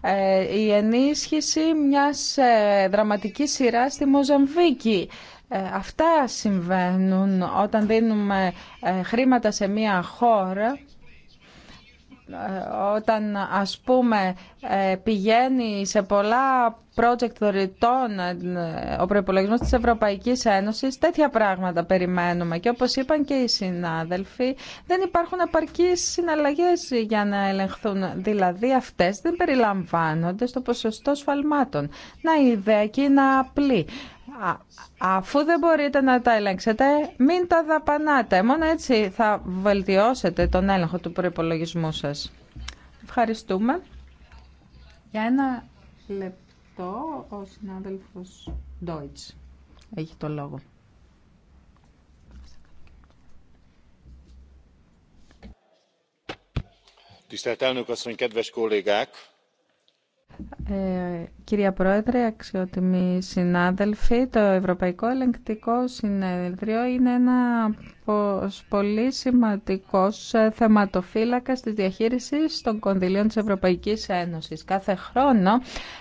Ε, η ενίσχυση μιας ε, δραματικής σειράς στη Μοζαμβίκη. Ε, αυτά συμβαίνουν όταν δίνουμε χρήματα σε μια χώρα όταν ας πούμε ε, πηγαίνει σε πολλά project δωρητών ε, ο προπολογισμό της Ευρωπαϊκής Ένωσης, τέτοια πράγματα περιμένουμε. Και όπως είπαν και οι συνάδελφοι, δεν υπάρχουν απαρκείς συναλλαγές για να ελεγχθούν. Δηλαδή αυτές δεν περιλαμβάνονται στο ποσοστό σφαλμάτων. Να η ιδέα και να απλή αφού δεν μπορείτε να τα ελέγξετε, μην τα δαπανάτε. Μόνο έτσι θα βελτιώσετε τον έλεγχο του προϋπολογισμού σας. Ευχαριστούμε. Για ένα λεπτό ο συνάδελφος Deutsch έχει το λόγο. Tisztelt elnök asszony, kedves kollégák! Ε, κυρία Πρόεδρε, αξιότιμοι συνάδελφοι, το Ευρωπαϊκό Ελεγκτικό Συνέδριο είναι ένα πολύ σημαντικό ε, θεματοφύλακα της διαχείρισης των κονδυλίων της Ευρωπαϊκής Ένωσης. Κάθε χρόνο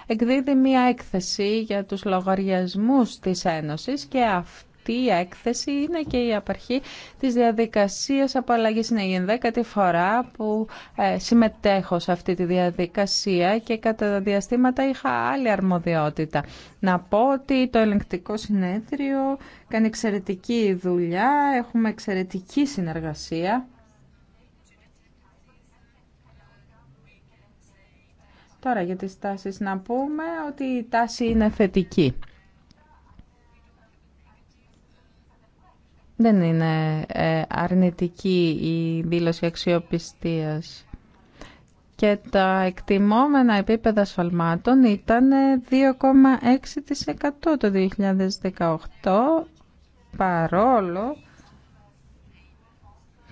εκδίδει μία έκθεση για τους λογαριασμούς της Ένωσης και αυτό αυτή η έκθεση είναι και η απαρχή της διαδικασίας απαλλαγής. Είναι η ενδέκατη φορά που ε, συμμετέχω σε αυτή τη διαδικασία και κατά τα διαστήματα είχα άλλη αρμοδιότητα. Να πω ότι το ελεγκτικό συνέδριο κάνει εξαιρετική δουλειά, έχουμε εξαιρετική συνεργασία. Τώρα για τις τάσεις να πούμε ότι η τάση είναι θετική. Δεν είναι ε, αρνητική η δήλωση αξιοπιστίας. Και τα εκτιμόμενα επίπεδα σφαλμάτων ήταν 2,6% το 2018, παρόλο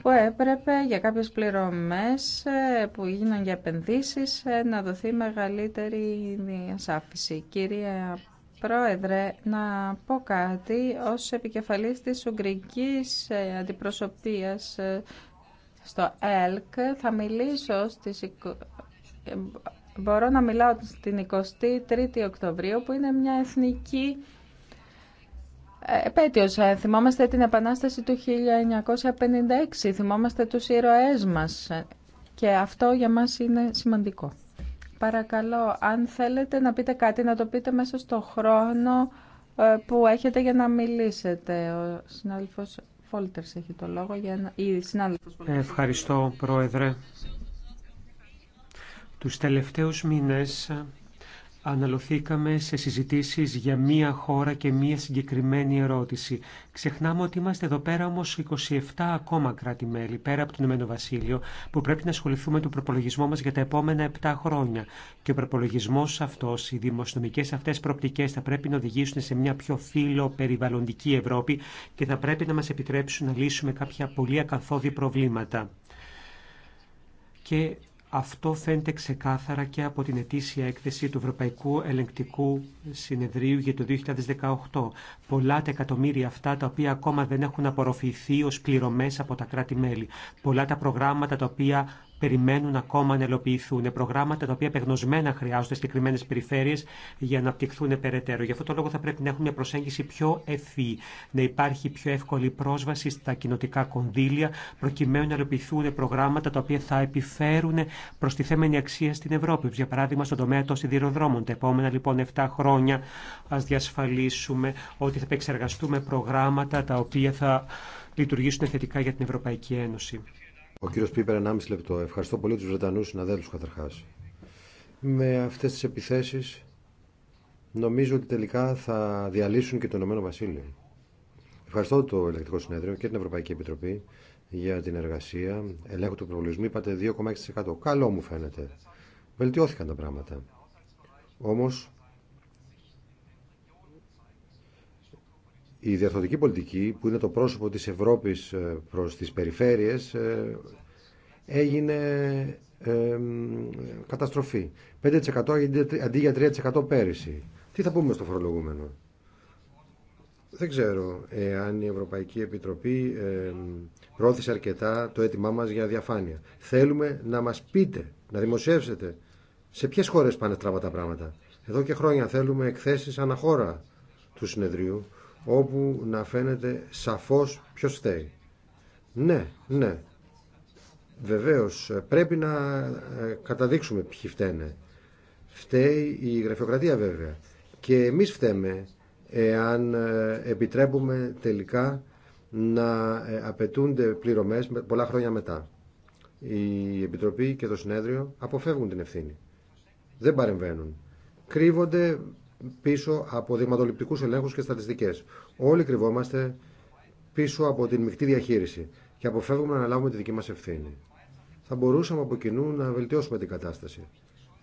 που έπρεπε για κάποιες πληρωμές ε, που γίναν για επενδύσεις ε, να δοθεί μεγαλύτερη διασάφηση. Κυρία Πρόεδρε, να πω κάτι ως επικεφαλής της Ουγγρικής ε, Αντιπροσωπείας ε, στο ΕΛΚ. Θα μιλήσω στις... Ε, μπορώ να μιλάω την 23η Οκτωβρίου που είναι μια εθνική επέτειος. Θυμόμαστε την Επανάσταση του 1956, θυμόμαστε τους ήρωές μας και αυτό για μας είναι σημαντικό. Παρακαλώ, αν θέλετε να πείτε κάτι, να το πείτε μέσα στο χρόνο ε, που έχετε για να μιλήσετε. Ο συνάδελφος Φόλτερς έχει το λόγο. Για να... Ευχαριστώ, Πρόεδρε. Τους τελευταίους μήνες Αναλωθήκαμε σε συζητήσεις για μία χώρα και μία συγκεκριμένη ερώτηση. Ξεχνάμε ότι είμαστε εδώ πέρα όμως 27 ακόμα κράτη-μέλη, πέρα από το Ηνωμένο Βασίλειο, που πρέπει να ασχοληθούμε με τον προπολογισμό μας για τα επόμενα 7 χρόνια. Και ο προπολογισμό αυτός, οι δημοσιονομικές αυτές προοπτικές θα πρέπει να οδηγήσουν σε μια πιο φίλο περιβαλλοντική Ευρώπη και θα πρέπει να μας επιτρέψουν να λύσουμε κάποια πολύ ακαθόδη προβλήματα. Και αυτό φαίνεται ξεκάθαρα και από την ετήσια έκθεση του Ευρωπαϊκού Ελεγκτικού Συνεδρίου για το 2018. Πολλά τα εκατομμύρια αυτά τα οποία ακόμα δεν έχουν απορροφηθεί ως πληρωμές από τα κράτη-μέλη. Πολλά τα προγράμματα τα οποία περιμένουν ακόμα να ελοποιηθούν. Προγράμματα τα οποία απεγνωσμένα χρειάζονται συγκεκριμένε περιφέρειε για να απτυχθούν περαιτέρω. Γι' αυτό το λόγο θα πρέπει να έχουν μια προσέγγιση πιο ευφύ, να υπάρχει πιο εύκολη πρόσβαση στα κοινοτικά κονδύλια, προκειμένου να ελοποιηθούν προγράμματα τα οποία θα επιφέρουν προ τη θέμενη αξία στην Ευρώπη. Για παράδειγμα, στον τομέα των σιδηροδρόμων. Τα επόμενα λοιπόν 7 χρόνια α διασφαλίσουμε ότι θα επεξεργαστούμε προγράμματα τα οποία θα λειτουργήσουν θετικά για την Ευρωπαϊκή Ένωση. Ο κύριο Πίπερ, 1,5 λεπτό. Ευχαριστώ πολύ τους Βρετανούς συναδέλφου καταρχά. Με αυτές τις επιθέσεις νομίζω ότι τελικά θα διαλύσουν και το Ηνωμένο Βασίλειο. Ευχαριστώ το Ελεκτικό Συνέδριο και την Ευρωπαϊκή Επιτροπή για την εργασία Ελέγχω του προβλησμού. Είπατε 2,6%. Καλό μου φαίνεται. Βελτιώθηκαν τα πράγματα. Όμω,. Η διαθωτική πολιτική που είναι το πρόσωπο της Ευρώπης ε, προς τις περιφέρειες ε, έγινε ε, καταστροφή. 5% αντί για 3% πέρυσι. Τι θα πούμε στο φορολογούμενο. Δεν ξέρω αν η Ευρωπαϊκή Επιτροπή πρόθεσε αρκετά το αίτημά μας για διαφάνεια. Θέλουμε να μας πείτε, να δημοσιεύσετε σε ποιες χώρες πάνε στραβά τα πράγματα. Εδώ και χρόνια θέλουμε εκθέσεις αναχώρα του συνεδρίου όπου να φαίνεται σαφώς ποιος φταίει. Ναι, ναι. Βεβαίως ε, πρέπει να ε, καταδείξουμε ποιοι φταίνε. Φταίει η γραφειοκρατία βέβαια. Και εμείς φταίμε εάν ε, επιτρέπουμε τελικά να απαιτούνται πληρωμές πολλά χρόνια μετά. Η Επιτροπή και το Συνέδριο αποφεύγουν την ευθύνη. Δεν παρεμβαίνουν. Κρύβονται πίσω από δειγματοληπτικού ελέγχου και στατιστικέ. Όλοι κρυβόμαστε πίσω από την μεικτή διαχείριση και αποφεύγουμε να αναλάβουμε τη δική μα ευθύνη. Θα μπορούσαμε από κοινού να βελτιώσουμε την κατάσταση.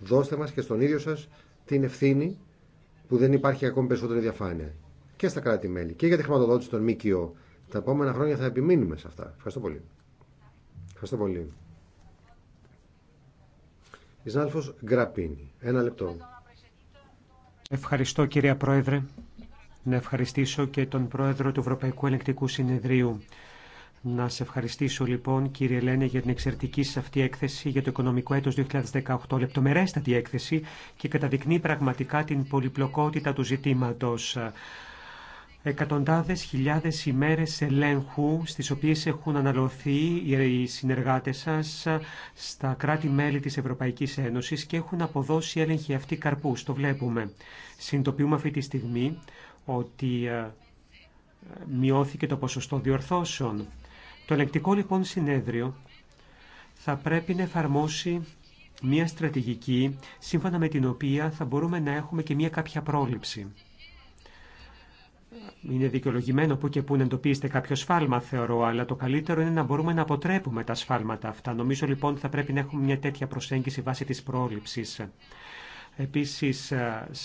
Δώστε μα και στον ίδιο σα την ευθύνη που δεν υπάρχει ακόμη περισσότερη διαφάνεια. Και στα κράτη-μέλη και για τη χρηματοδότηση των ΜΚΟ. Τα επόμενα χρόνια θα επιμείνουμε σε αυτά. Ευχαριστώ πολύ. Ευχαριστώ πολύ. Ισνάλφος Γκραπίνη. Ένα λεπτό. Ευχαριστώ κυρία Πρόεδρε. Να ευχαριστήσω και τον Πρόεδρο του Ευρωπαϊκού Ελεκτικού Συνεδρίου. Να σε ευχαριστήσω λοιπόν κύριε Ελένη για την εξαιρετική σα αυτή έκθεση για το οικονομικό έτος 2018. Λεπτομερέστατη έκθεση και καταδεικνύει πραγματικά την πολυπλοκότητα του ζητήματος εκατοντάδες χιλιάδες ημέρες ελέγχου στις οποίες έχουν αναλωθεί οι συνεργάτες σας στα κράτη-μέλη της Ευρωπαϊκής Ένωσης και έχουν αποδώσει έλεγχοι αυτοί καρπούς. Το βλέπουμε. Συντοποιούμε αυτή τη στιγμή ότι ε, μειώθηκε το ποσοστό διορθώσεων. Το ελεκτικό λοιπόν συνέδριο θα πρέπει να εφαρμόσει μια στρατηγική σύμφωνα με την οποία θα μπορούμε να έχουμε και μια κάποια πρόληψη είναι δικαιολογημένο που και που να εντοπίσετε κάποιο σφάλμα, θεωρώ, αλλά το καλύτερο είναι να μπορούμε να αποτρέπουμε τα σφάλματα αυτά. Νομίζω λοιπόν ότι θα πρέπει να έχουμε μια τέτοια προσέγγιση βάσει τη πρόληψη. Επίση,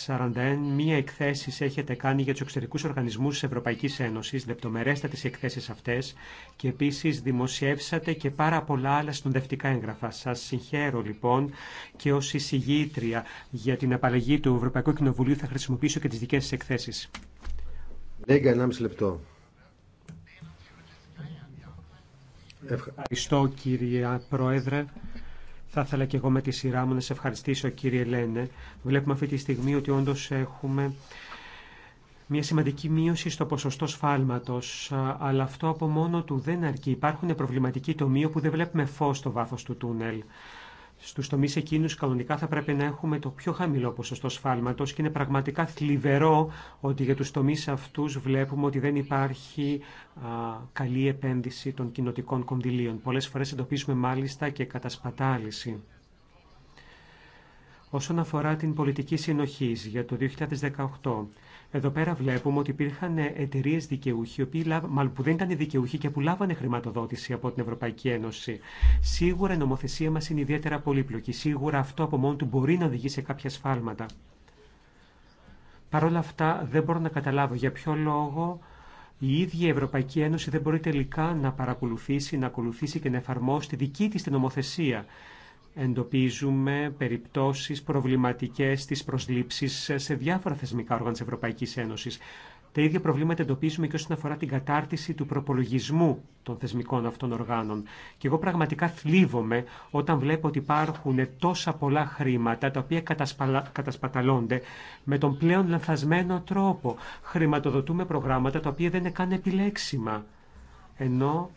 41 ε, μία εκθέσεις έχετε κάνει για του εξωτερικού οργανισμού τη Ευρωπαϊκή Ένωση, λεπτομερέστατε οι εκθέσεις αυτές και επίση δημοσιεύσατε και πάρα πολλά άλλα συνοδευτικά έγγραφα. Σα συγχαίρω λοιπόν και ω εισηγήτρια για την απαλλαγή του Ευρωπαϊκού Κοινοβουλίου θα χρησιμοποιήσω και τι δικέ σα εκθέσει. 1,5 λεπτό. Ευχαριστώ κύριε Πρόεδρε. Θα ήθελα και εγώ με τη σειρά μου να σε ευχαριστήσω κύριε Λένε. Βλέπουμε αυτή τη στιγμή ότι όντως έχουμε μια σημαντική μείωση στο ποσοστό σφάλματος, αλλά αυτό από μόνο του δεν αρκεί. Υπάρχουν προβληματικοί τομείο που δεν βλέπουμε φως στο βάθος του τούνελ στους τομείς εκείνους κανονικά θα πρέπει να έχουμε το πιο χαμηλό ποσοστό σφάλματος και είναι πραγματικά θλιβερό ότι για τους τομείς αυτούς βλέπουμε ότι δεν υπάρχει α, καλή επένδυση των κοινοτικών κονδυλίων. Πολλές φορές εντοπίζουμε μάλιστα και κατασπατάληση. Όσον αφορά την πολιτική συνοχής για το 2018, εδώ πέρα βλέπουμε ότι υπήρχαν εταιρείε δικαιούχοι, μάλλον που δεν ήταν δικαιούχοι και που λάβανε χρηματοδότηση από την Ευρωπαϊκή Ένωση. Σίγουρα η νομοθεσία μα είναι ιδιαίτερα πολύπλοκη. Σίγουρα αυτό από μόνο του μπορεί να οδηγεί σε κάποια σφάλματα. Παρ' όλα αυτά δεν μπορώ να καταλάβω για ποιο λόγο η ίδια η Ευρωπαϊκή Ένωση δεν μπορεί τελικά να παρακολουθήσει, να ακολουθήσει και να εφαρμόσει τη δική της νομοθεσία εντοπίζουμε περιπτώσεις προβληματικές της προσλήψης σε διάφορα θεσμικά όργανα της Ευρωπαϊκής Ένωσης. Τα ίδια προβλήματα εντοπίζουμε και όσον αφορά την κατάρτιση του προπολογισμού των θεσμικών αυτών οργάνων. Και εγώ πραγματικά θλίβομαι όταν βλέπω ότι υπάρχουν τόσα πολλά χρήματα τα οποία κατασπαλα... κατασπαταλώνται με τον πλέον λανθασμένο τρόπο. Χρηματοδοτούμε προγράμματα τα οποία δεν είναι καν επιλέξιμα. Ενώ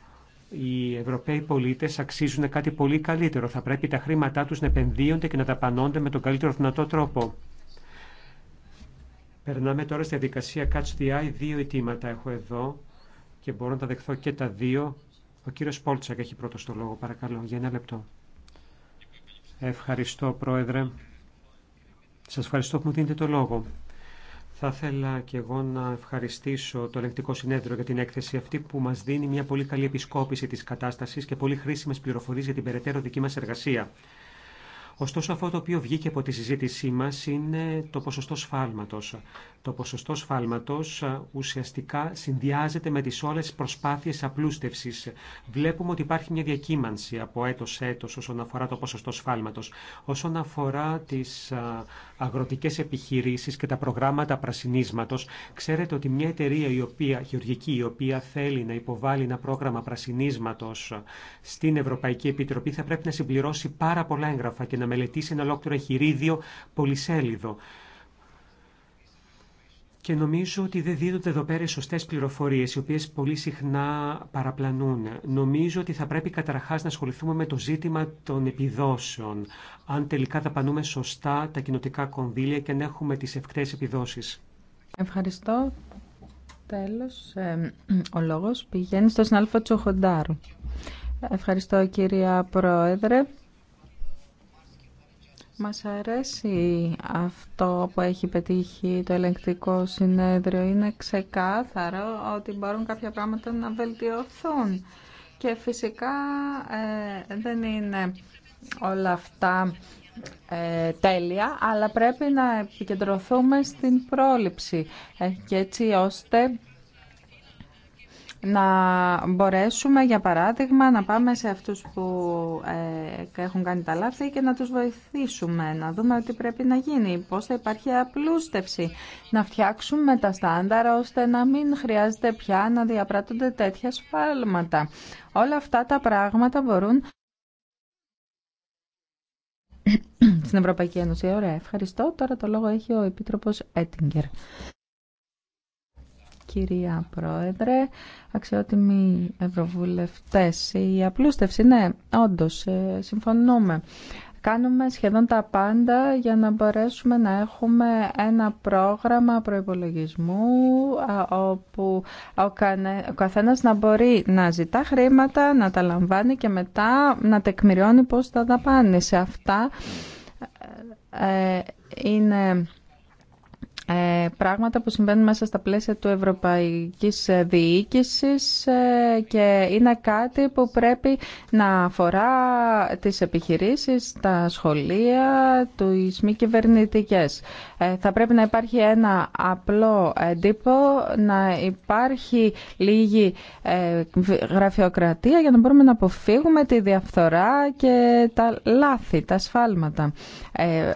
οι Ευρωπαίοι πολίτε αξίζουν κάτι πολύ καλύτερο. Θα πρέπει τα χρήματά του να επενδύονται και να δαπανώνται με τον καλύτερο δυνατό τρόπο. Περνάμε τώρα στη διαδικασία Catch the Eye. Δύο αιτήματα έχω εδώ και μπορώ να τα δεχθώ και τα δύο. Ο κύριος Πόλτσακ έχει πρώτο το λόγο, παρακαλώ, για ένα λεπτό. Ευχαριστώ, Πρόεδρε. Σας ευχαριστώ που μου δίνετε το λόγο. Θα ήθελα και εγώ να ευχαριστήσω το ελεκτικό Συνέδριο για την έκθεση αυτή που μας δίνει μια πολύ καλή επισκόπηση της κατάστασης και πολύ χρήσιμες πληροφορίες για την περαιτέρω δική μας εργασία. Ωστόσο, αυτό το οποίο βγήκε από τη συζήτησή μα είναι το ποσοστό σφάλματο. Το ποσοστό σφάλματο ουσιαστικά συνδυάζεται με τι όλε προσπάθειε απλούστευση. Βλέπουμε ότι υπάρχει μια διακύμανση από έτο έτο όσον αφορά το ποσοστό σφάλματο. Όσον αφορά τι αγροτικέ επιχειρήσει και τα προγράμματα πρασινίσματο, ξέρετε ότι μια εταιρεία η οποία, γεωργική η οποία θέλει να υποβάλει ένα πρόγραμμα πρασινίσματο στην Ευρωπαϊκή Επιτροπή θα πρέπει να συμπληρώσει πάρα πολλά έγγραφα και να μελετήσει ένα ολόκληρο εγχειρίδιο πολυσέλιδο. Και νομίζω ότι δεν δίδονται εδώ πέρα σωστέ πληροφορίε, οι οποίε πολύ συχνά παραπλανούν. Νομίζω ότι θα πρέπει καταρχά να ασχοληθούμε με το ζήτημα των επιδόσεων. Αν τελικά δαπανούμε σωστά τα κοινοτικά κονδύλια και αν έχουμε τι ευκτέ επιδόσει. Ευχαριστώ. Τέλο, ο λόγο πηγαίνει στον συνάδελφο Τσοχοντάρου. Ευχαριστώ, κυρία Πρόεδρε. Μας αρέσει αυτό που έχει πετύχει το ελεγκτικό συνέδριο. Είναι ξεκάθαρο ότι μπορούν κάποια πράγματα να βελτιωθούν. Και φυσικά ε, δεν είναι όλα αυτά ε, τέλεια, αλλά πρέπει να επικεντρωθούμε στην πρόληψη ε, και έτσι ώστε να μπορέσουμε για παράδειγμα να πάμε σε αυτούς που ε, έχουν κάνει τα λάθη και να τους βοηθήσουμε, να δούμε τι πρέπει να γίνει, πώς θα υπάρχει απλούστευση, να φτιάξουμε τα στάνταρα ώστε να μην χρειάζεται πια να διαπράττονται τέτοια σφάλματα. Όλα αυτά τα πράγματα μπορούν... Στην Ευρωπαϊκή Ένωση. Ωραία, ευχαριστώ. Τώρα το λόγο έχει ο Επίτροπος Έτιγκερ κυρία Πρόεδρε, αξιότιμοι ευρωβουλευτές. Η απλούστευση, ναι, όντως, ε, συμφωνούμε. Κάνουμε σχεδόν τα πάντα για να μπορέσουμε να έχουμε ένα πρόγραμμα προϋπολογισμού όπου ο καθένας να μπορεί να ζητά χρήματα, να τα λαμβάνει και μετά να τεκμηριώνει πώς θα τα πάνε. Σε αυτά ε, ε, είναι ε, πράγματα που συμβαίνουν μέσα στα πλαίσια του ευρωπαϊκής ε, διοίκησης ε, και είναι κάτι που πρέπει να αφορά τις επιχειρήσεις, τα σχολεία, τις μη κυβερνητικέ. Θα πρέπει να υπάρχει ένα απλό εντύπω, να υπάρχει λίγη γραφειοκρατία για να μπορούμε να αποφύγουμε τη διαφθορά και τα λάθη, τα σφάλματα.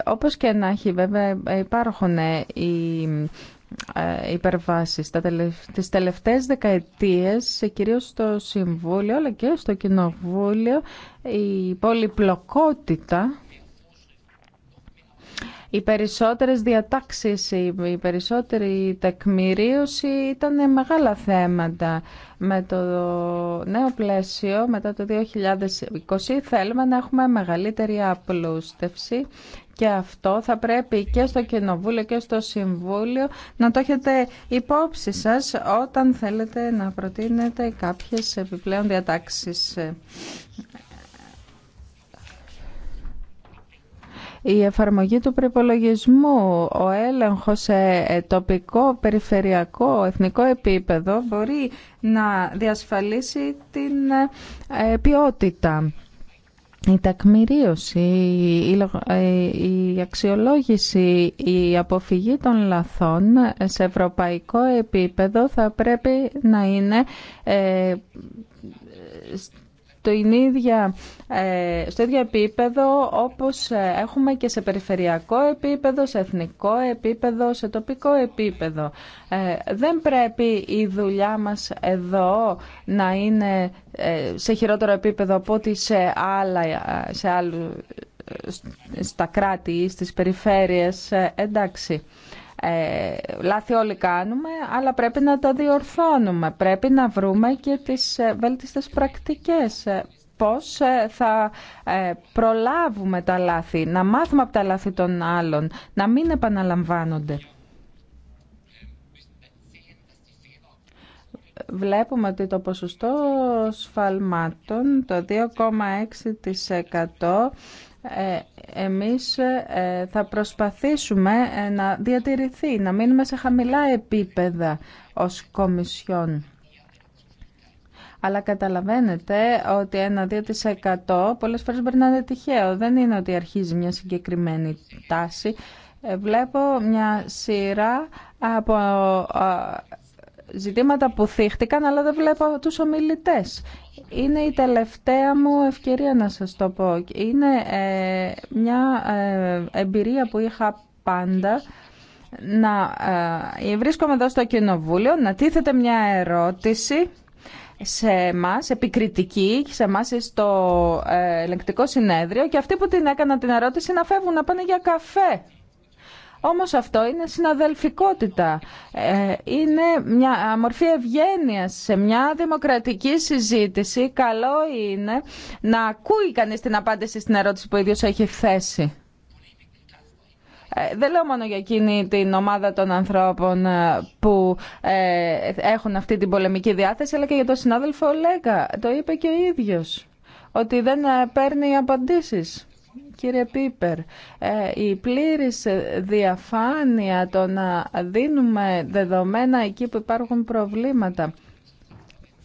Όπως και να έχει βέβαια υπάρχουν οι ε, υπερβάσεις. Τα τις τελευταίες δεκαετίες, κυρίως στο Συμβούλιο αλλά και στο Κοινοβούλιο, η πολυπλοκότητα οι περισσότερες διατάξεις, η περισσότερη τεκμηρίωση ήταν μεγάλα θέματα. Με το νέο πλαίσιο μετά το 2020 θέλουμε να έχουμε μεγαλύτερη απλούστευση και αυτό θα πρέπει και στο Κοινοβούλιο και στο Συμβούλιο να το έχετε υπόψη σας όταν θέλετε να προτείνετε κάποιες επιπλέον διατάξεις. Η εφαρμογή του προπολογισμού, ο έλεγχος σε τοπικό, περιφερειακό, εθνικό επίπεδο μπορεί να διασφαλίσει την ε, ποιότητα η τακμηρίωση, ε, η αξιολόγηση, η αποφυγή των λαθών σε ευρωπαϊκό επίπεδο θα πρέπει να είναι ε, ε, στο ίδιο επίπεδο όπως ε, έχουμε και σε περιφερειακό επίπεδο, σε εθνικό επίπεδο, σε τοπικό επίπεδο. Ε, δεν πρέπει η δουλειά μας εδώ να είναι σε χειρότερο επίπεδο από ότι σε, άλλα, σε άλλου, στα κράτη ή στις περιφέρειες. Εντάξει. Ε, λάθη όλοι κάνουμε, αλλά πρέπει να τα διορθώνουμε. Πρέπει να βρούμε και τις ε, βέλτιστες πρακτικές. Ε, πώς ε, θα προλάβουμε τα λάθη, να μάθουμε από τα λάθη των άλλων, να μην επαναλαμβάνονται. βλέπουμε ότι το ποσοστό σφαλμάτων, το 2,6% ε, εμείς ε, θα προσπαθήσουμε ε, να διατηρηθεί, να μείνουμε σε χαμηλά επίπεδα ως Κομισιόν. Αλλά καταλαβαίνετε ότι ένα 2% πολλές φορές μπορεί να είναι τυχαίο. Δεν είναι ότι αρχίζει μια συγκεκριμένη τάση. Βλέπω μια σειρά από ζητήματα που θύχτηκαν, αλλά δεν βλέπω τους ομιλητές. Είναι η τελευταία μου ευκαιρία να σας το πω. Είναι ε, μια ε, εμπειρία που είχα πάντα να ε, βρίσκομαι εδώ στο κοινοβούλιο, να τίθεται μια ερώτηση σε εμά, επικριτική, σε εμά στο ελεγκτικό συνέδριο και αυτοί που την έκαναν την ερώτηση να φεύγουν να πάνε για καφέ. Όμως αυτό είναι συναδελφικότητα. Ε, είναι μια μορφή ευγένεια σε μια δημοκρατική συζήτηση. Καλό είναι να ακούει κανείς την απάντηση στην ερώτηση που ο ίδιος έχει θέσει. Ε, δεν λέω μόνο για εκείνη την ομάδα των ανθρώπων ε, που έχουν αυτή την πολεμική διάθεση, αλλά και για τον συνάδελφο Λέκα. Το είπε και ο ίδιος, ότι δεν παίρνει απαντήσεις. Κύριε Πίπερ, ε, η πλήρης διαφάνεια το να δίνουμε δεδομένα εκεί που υπάρχουν προβλήματα.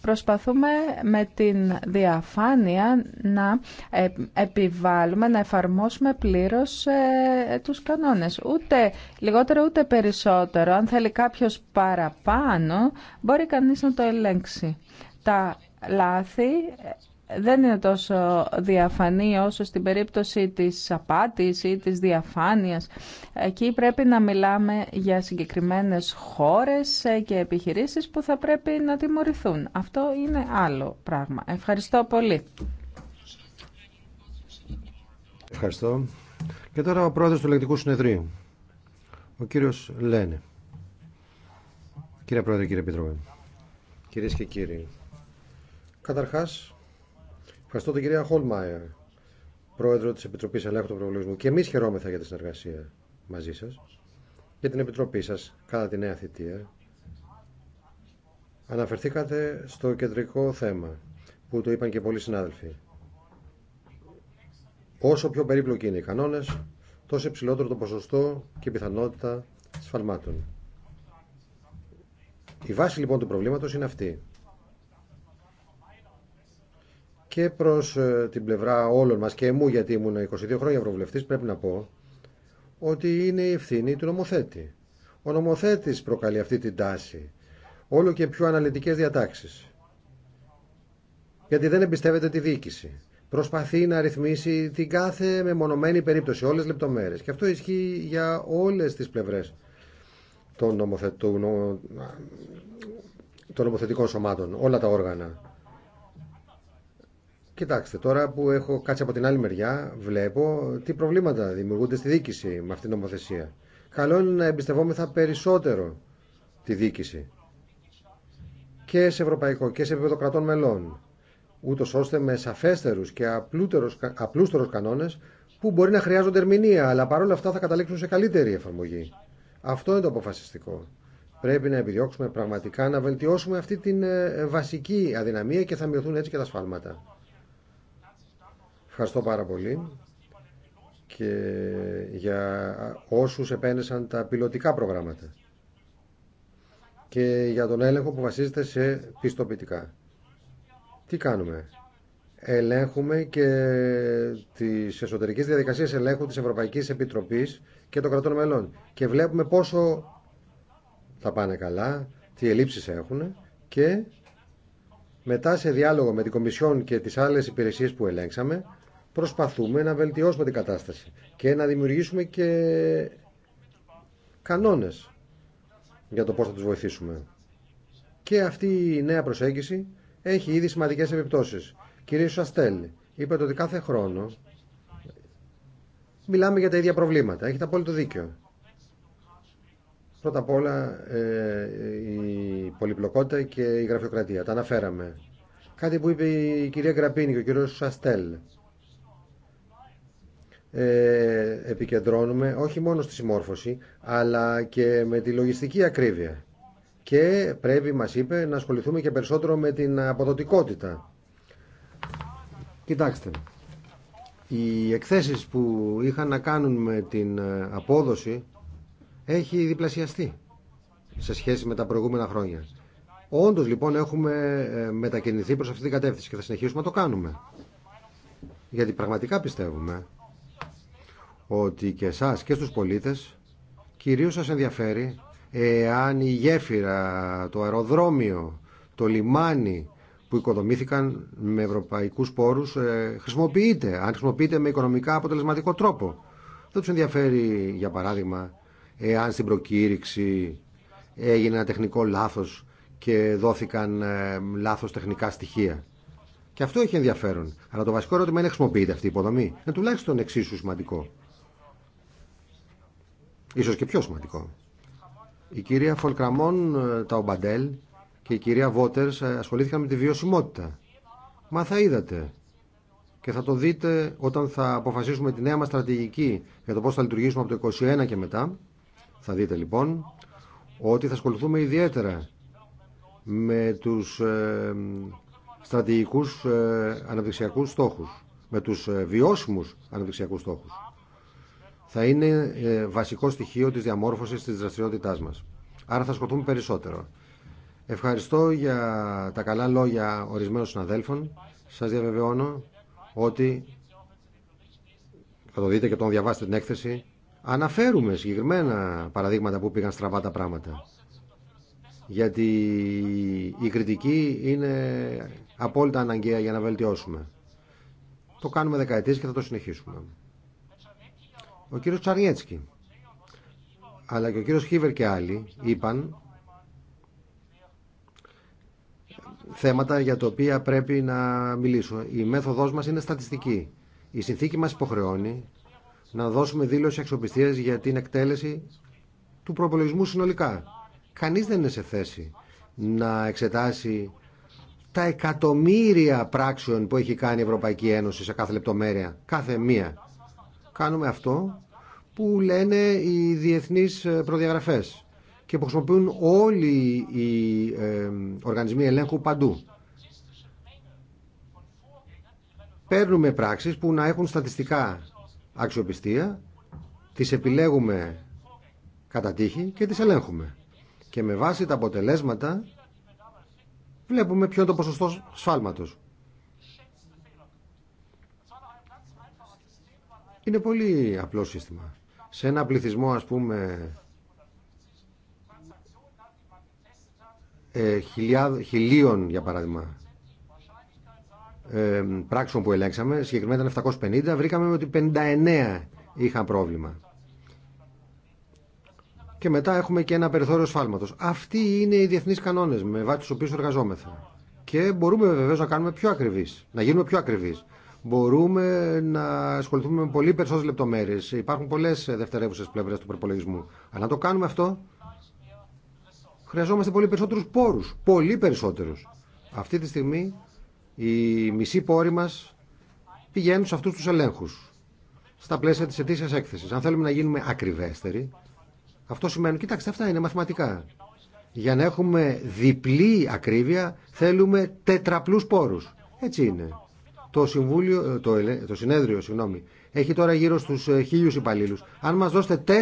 Προσπαθούμε με την διαφάνεια να ε, επιβάλλουμε, να εφαρμόσουμε πλήρως ε, τους κανόνες. Ούτε λιγότερο ούτε περισσότερο. Αν θέλει κάποιος παραπάνω, μπορεί κανείς να το ελέγξει. Τα λάθη δεν είναι τόσο διαφανή όσο στην περίπτωση της απάτης ή της διαφάνειας. Εκεί πρέπει να μιλάμε για συγκεκριμένες χώρες και επιχειρήσεις που θα πρέπει να τιμωρηθούν. Αυτό είναι άλλο πράγμα. Ευχαριστώ πολύ. Ευχαριστώ. Και τώρα ο πρόεδρος του Ελεκτικού Συνεδρίου, ο κύριος Λένε. Κύριε Πρόεδρε, κύριε Επίτροπε, κυρίες και κύριοι, καταρχάς Ευχαριστώ την κυρία Χολμάιερ, πρόεδρο τη Επιτροπή Ελέγχου του Προβολισμού. Και εμεί χαιρόμεθα για τη συνεργασία μαζί σα, και την Επιτροπή σα κατά τη νέα θητεία. Αναφερθήκατε στο κεντρικό θέμα που το είπαν και πολλοί συνάδελφοι. Όσο πιο περίπλοκοι είναι οι κανόνε, τόσο υψηλότερο το ποσοστό και η πιθανότητα σφαλμάτων. Η βάση λοιπόν του προβλήματος είναι αυτή και προς ε, την πλευρά όλων μας και μου γιατί ήμουν 22 χρόνια ευρωβουλευτής πρέπει να πω ότι είναι η ευθύνη του νομοθέτη. Ο νομοθέτης προκαλεί αυτή την τάση. Όλο και πιο αναλυτικές διατάξεις. Γιατί δεν εμπιστεύεται τη διοίκηση. Προσπαθεί να ρυθμίσει την κάθε μεμονωμένη περίπτωση, όλες τις λεπτομέρειες. Και αυτό ισχύει για όλες τις πλευρές των νομοθετικών σωμάτων, όλα τα όργανα. Κοιτάξτε, τώρα που έχω κάτσει από την άλλη μεριά, βλέπω τι προβλήματα δημιουργούνται στη δίκηση με αυτήν την νομοθεσία. Καλό είναι να εμπιστευόμεθα περισσότερο τη δίκηση και σε ευρωπαϊκό και σε επίπεδο κρατών μελών, ούτως ώστε με σαφέστερους και απλούστερους κανόνες που μπορεί να χρειάζονται ερμηνεία, αλλά παρόλα αυτά θα καταλήξουν σε καλύτερη εφαρμογή. Αυτό είναι το αποφασιστικό. Πρέπει να επιδιώξουμε πραγματικά να βελτιώσουμε αυτή την ε, βασική αδυναμία και θα μειωθούν έτσι και τα σφάλματα. Ευχαριστώ πάρα πολύ και για όσους επένεσαν τα πιλωτικά προγράμματα και για τον έλεγχο που βασίζεται σε πιστοποιητικά. Τι κάνουμε. Ελέγχουμε και τις εσωτερικές διαδικασίες ελέγχου της Ευρωπαϊκής Επιτροπής και των κρατών μελών και βλέπουμε πόσο θα πάνε καλά, τι ελλείψεις έχουν και μετά σε διάλογο με την Κομισιόν και τις άλλες υπηρεσίες που ελέγξαμε προσπαθούμε να βελτιώσουμε την κατάσταση και να δημιουργήσουμε και κανόνες για το πώς θα τους βοηθήσουμε. Και αυτή η νέα προσέγγιση έχει ήδη σημαντικές επιπτώσεις. Κύριε Σαστέλ, είπατε ότι κάθε χρόνο μιλάμε για τα ίδια προβλήματα. Έχετε απόλυτο δίκιο. Πρώτα απ' όλα ε, η πολυπλοκότητα και η γραφειοκρατία. Τα αναφέραμε. Κάτι που είπε η κυρία Γραπίνη και ο κύριος Σαστέλ ε, επικεντρώνουμε όχι μόνο στη συμμόρφωση αλλά και με τη λογιστική ακρίβεια και πρέπει μας είπε να ασχοληθούμε και περισσότερο με την αποδοτικότητα Κοιτάξτε οι εκθέσεις που είχαν να κάνουν με την ε, απόδοση έχει διπλασιαστεί σε σχέση με τα προηγούμενα χρόνια Όντως λοιπόν έχουμε ε, μετακινηθεί προς αυτή την κατεύθυνση και θα συνεχίσουμε να το κάνουμε γιατί πραγματικά πιστεύουμε ότι και εσάς και στους πολίτες κυρίως σας ενδιαφέρει εάν η γέφυρα, το αεροδρόμιο, το λιμάνι που οικοδομήθηκαν με ευρωπαϊκούς πόρους ε, χρησιμοποιείται, αν χρησιμοποιείται με οικονομικά αποτελεσματικό τρόπο. Δεν τους ενδιαφέρει, για παράδειγμα, εάν στην προκήρυξη έγινε ένα τεχνικό λάθος και δόθηκαν ε, λάθος τεχνικά στοιχεία. Και αυτό έχει ενδιαφέρον. Αλλά το βασικό ερώτημα είναι χρησιμοποιείται αυτή η υποδομή. Είναι τουλάχιστον εξίσου σημαντικό ίσως και πιο σημαντικό. Η κυρία Φολκραμόν ε, Ταουμπαντέλ και η κυρία Βότερς ε, ασχολήθηκαν με τη βιωσιμότητα. Μα θα είδατε και θα το δείτε όταν θα αποφασίσουμε τη νέα μας στρατηγική για το πώς θα λειτουργήσουμε από το 2021 και μετά. Θα δείτε λοιπόν ότι θα ασχοληθούμε ιδιαίτερα με τους ε, στρατηγικούς αναπτυξιακούς στόχους, με τους βιώσιμους αναπτυξιακούς στόχους θα είναι ε, βασικό στοιχείο της διαμόρφωσης της δραστηριότητάς μας. Άρα θα σκοτούμε περισσότερο. Ευχαριστώ για τα καλά λόγια ορισμένων συναδέλφων. Σας διαβεβαιώνω ότι, θα το δείτε και τον διαβάσετε την έκθεση, αναφέρουμε συγκεκριμένα παραδείγματα που πήγαν στραβά τα πράγματα. Γιατί η κριτική είναι απόλυτα αναγκαία για να βελτιώσουμε. Το κάνουμε δεκαετίες και θα το συνεχίσουμε. Ο κύριος Τσαριέτσκι, αλλά και ο κύριος Χίβερ και άλλοι είπαν θέματα για τα οποία πρέπει να μιλήσω. Η μέθοδός μας είναι στατιστική. Η συνθήκη μας υποχρεώνει να δώσουμε δήλωση αξιοπιστίας για την εκτέλεση του προπολογισμού συνολικά. Κανείς δεν είναι σε θέση να εξετάσει τα εκατομμύρια πράξεων που έχει κάνει η Ευρωπαϊκή Ένωση σε κάθε λεπτομέρεια, κάθε μία. Κάνουμε αυτό που λένε οι διεθνείς ε, προδιαγραφές και που χρησιμοποιούν όλοι οι ε, οργανισμοί ελέγχου παντού. Παίρνουμε πράξεις που να έχουν στατιστικά αξιοπιστία, τις επιλέγουμε κατά τύχη και τις ελέγχουμε. Και με βάση τα αποτελέσματα βλέπουμε ποιο είναι το ποσοστό σφάλματος. Είναι πολύ απλό σύστημα σε ένα πληθυσμό ας πούμε ε, χιλιάδ, χιλίων για παράδειγμα ε, πράξεων που ελέγξαμε συγκεκριμένα ήταν 750 βρήκαμε ότι 59 είχαν πρόβλημα και μετά έχουμε και ένα περιθώριο σφάλματος αυτοί είναι οι διεθνείς κανόνες με βάση τους οποίους εργαζόμεθα και μπορούμε βεβαίως να κάνουμε πιο ακριβείς να γίνουμε πιο ακριβείς μπορούμε να ασχοληθούμε με πολύ περισσότερε λεπτομέρειε. Υπάρχουν πολλέ δευτερεύουσε πλευρέ του προπολογισμού. Αλλά να το κάνουμε αυτό, χρειαζόμαστε πολύ περισσότερου πόρου. Πολύ περισσότερου. Αυτή τη στιγμή οι μισοί πόροι μα πηγαίνουν σε αυτού του ελέγχου. Στα πλαίσια τη ετήσια έκθεση. Αν θέλουμε να γίνουμε ακριβέστεροι, αυτό σημαίνει, κοιτάξτε, αυτά είναι μαθηματικά. Για να έχουμε διπλή ακρίβεια, θέλουμε τετραπλού πόρου. Έτσι είναι. Το, συμβούλιο, ε, το, το συνέδριο συγγνώμη, έχει τώρα γύρω στου ε, χίλιου υπαλλήλου. Αν μα δώσετε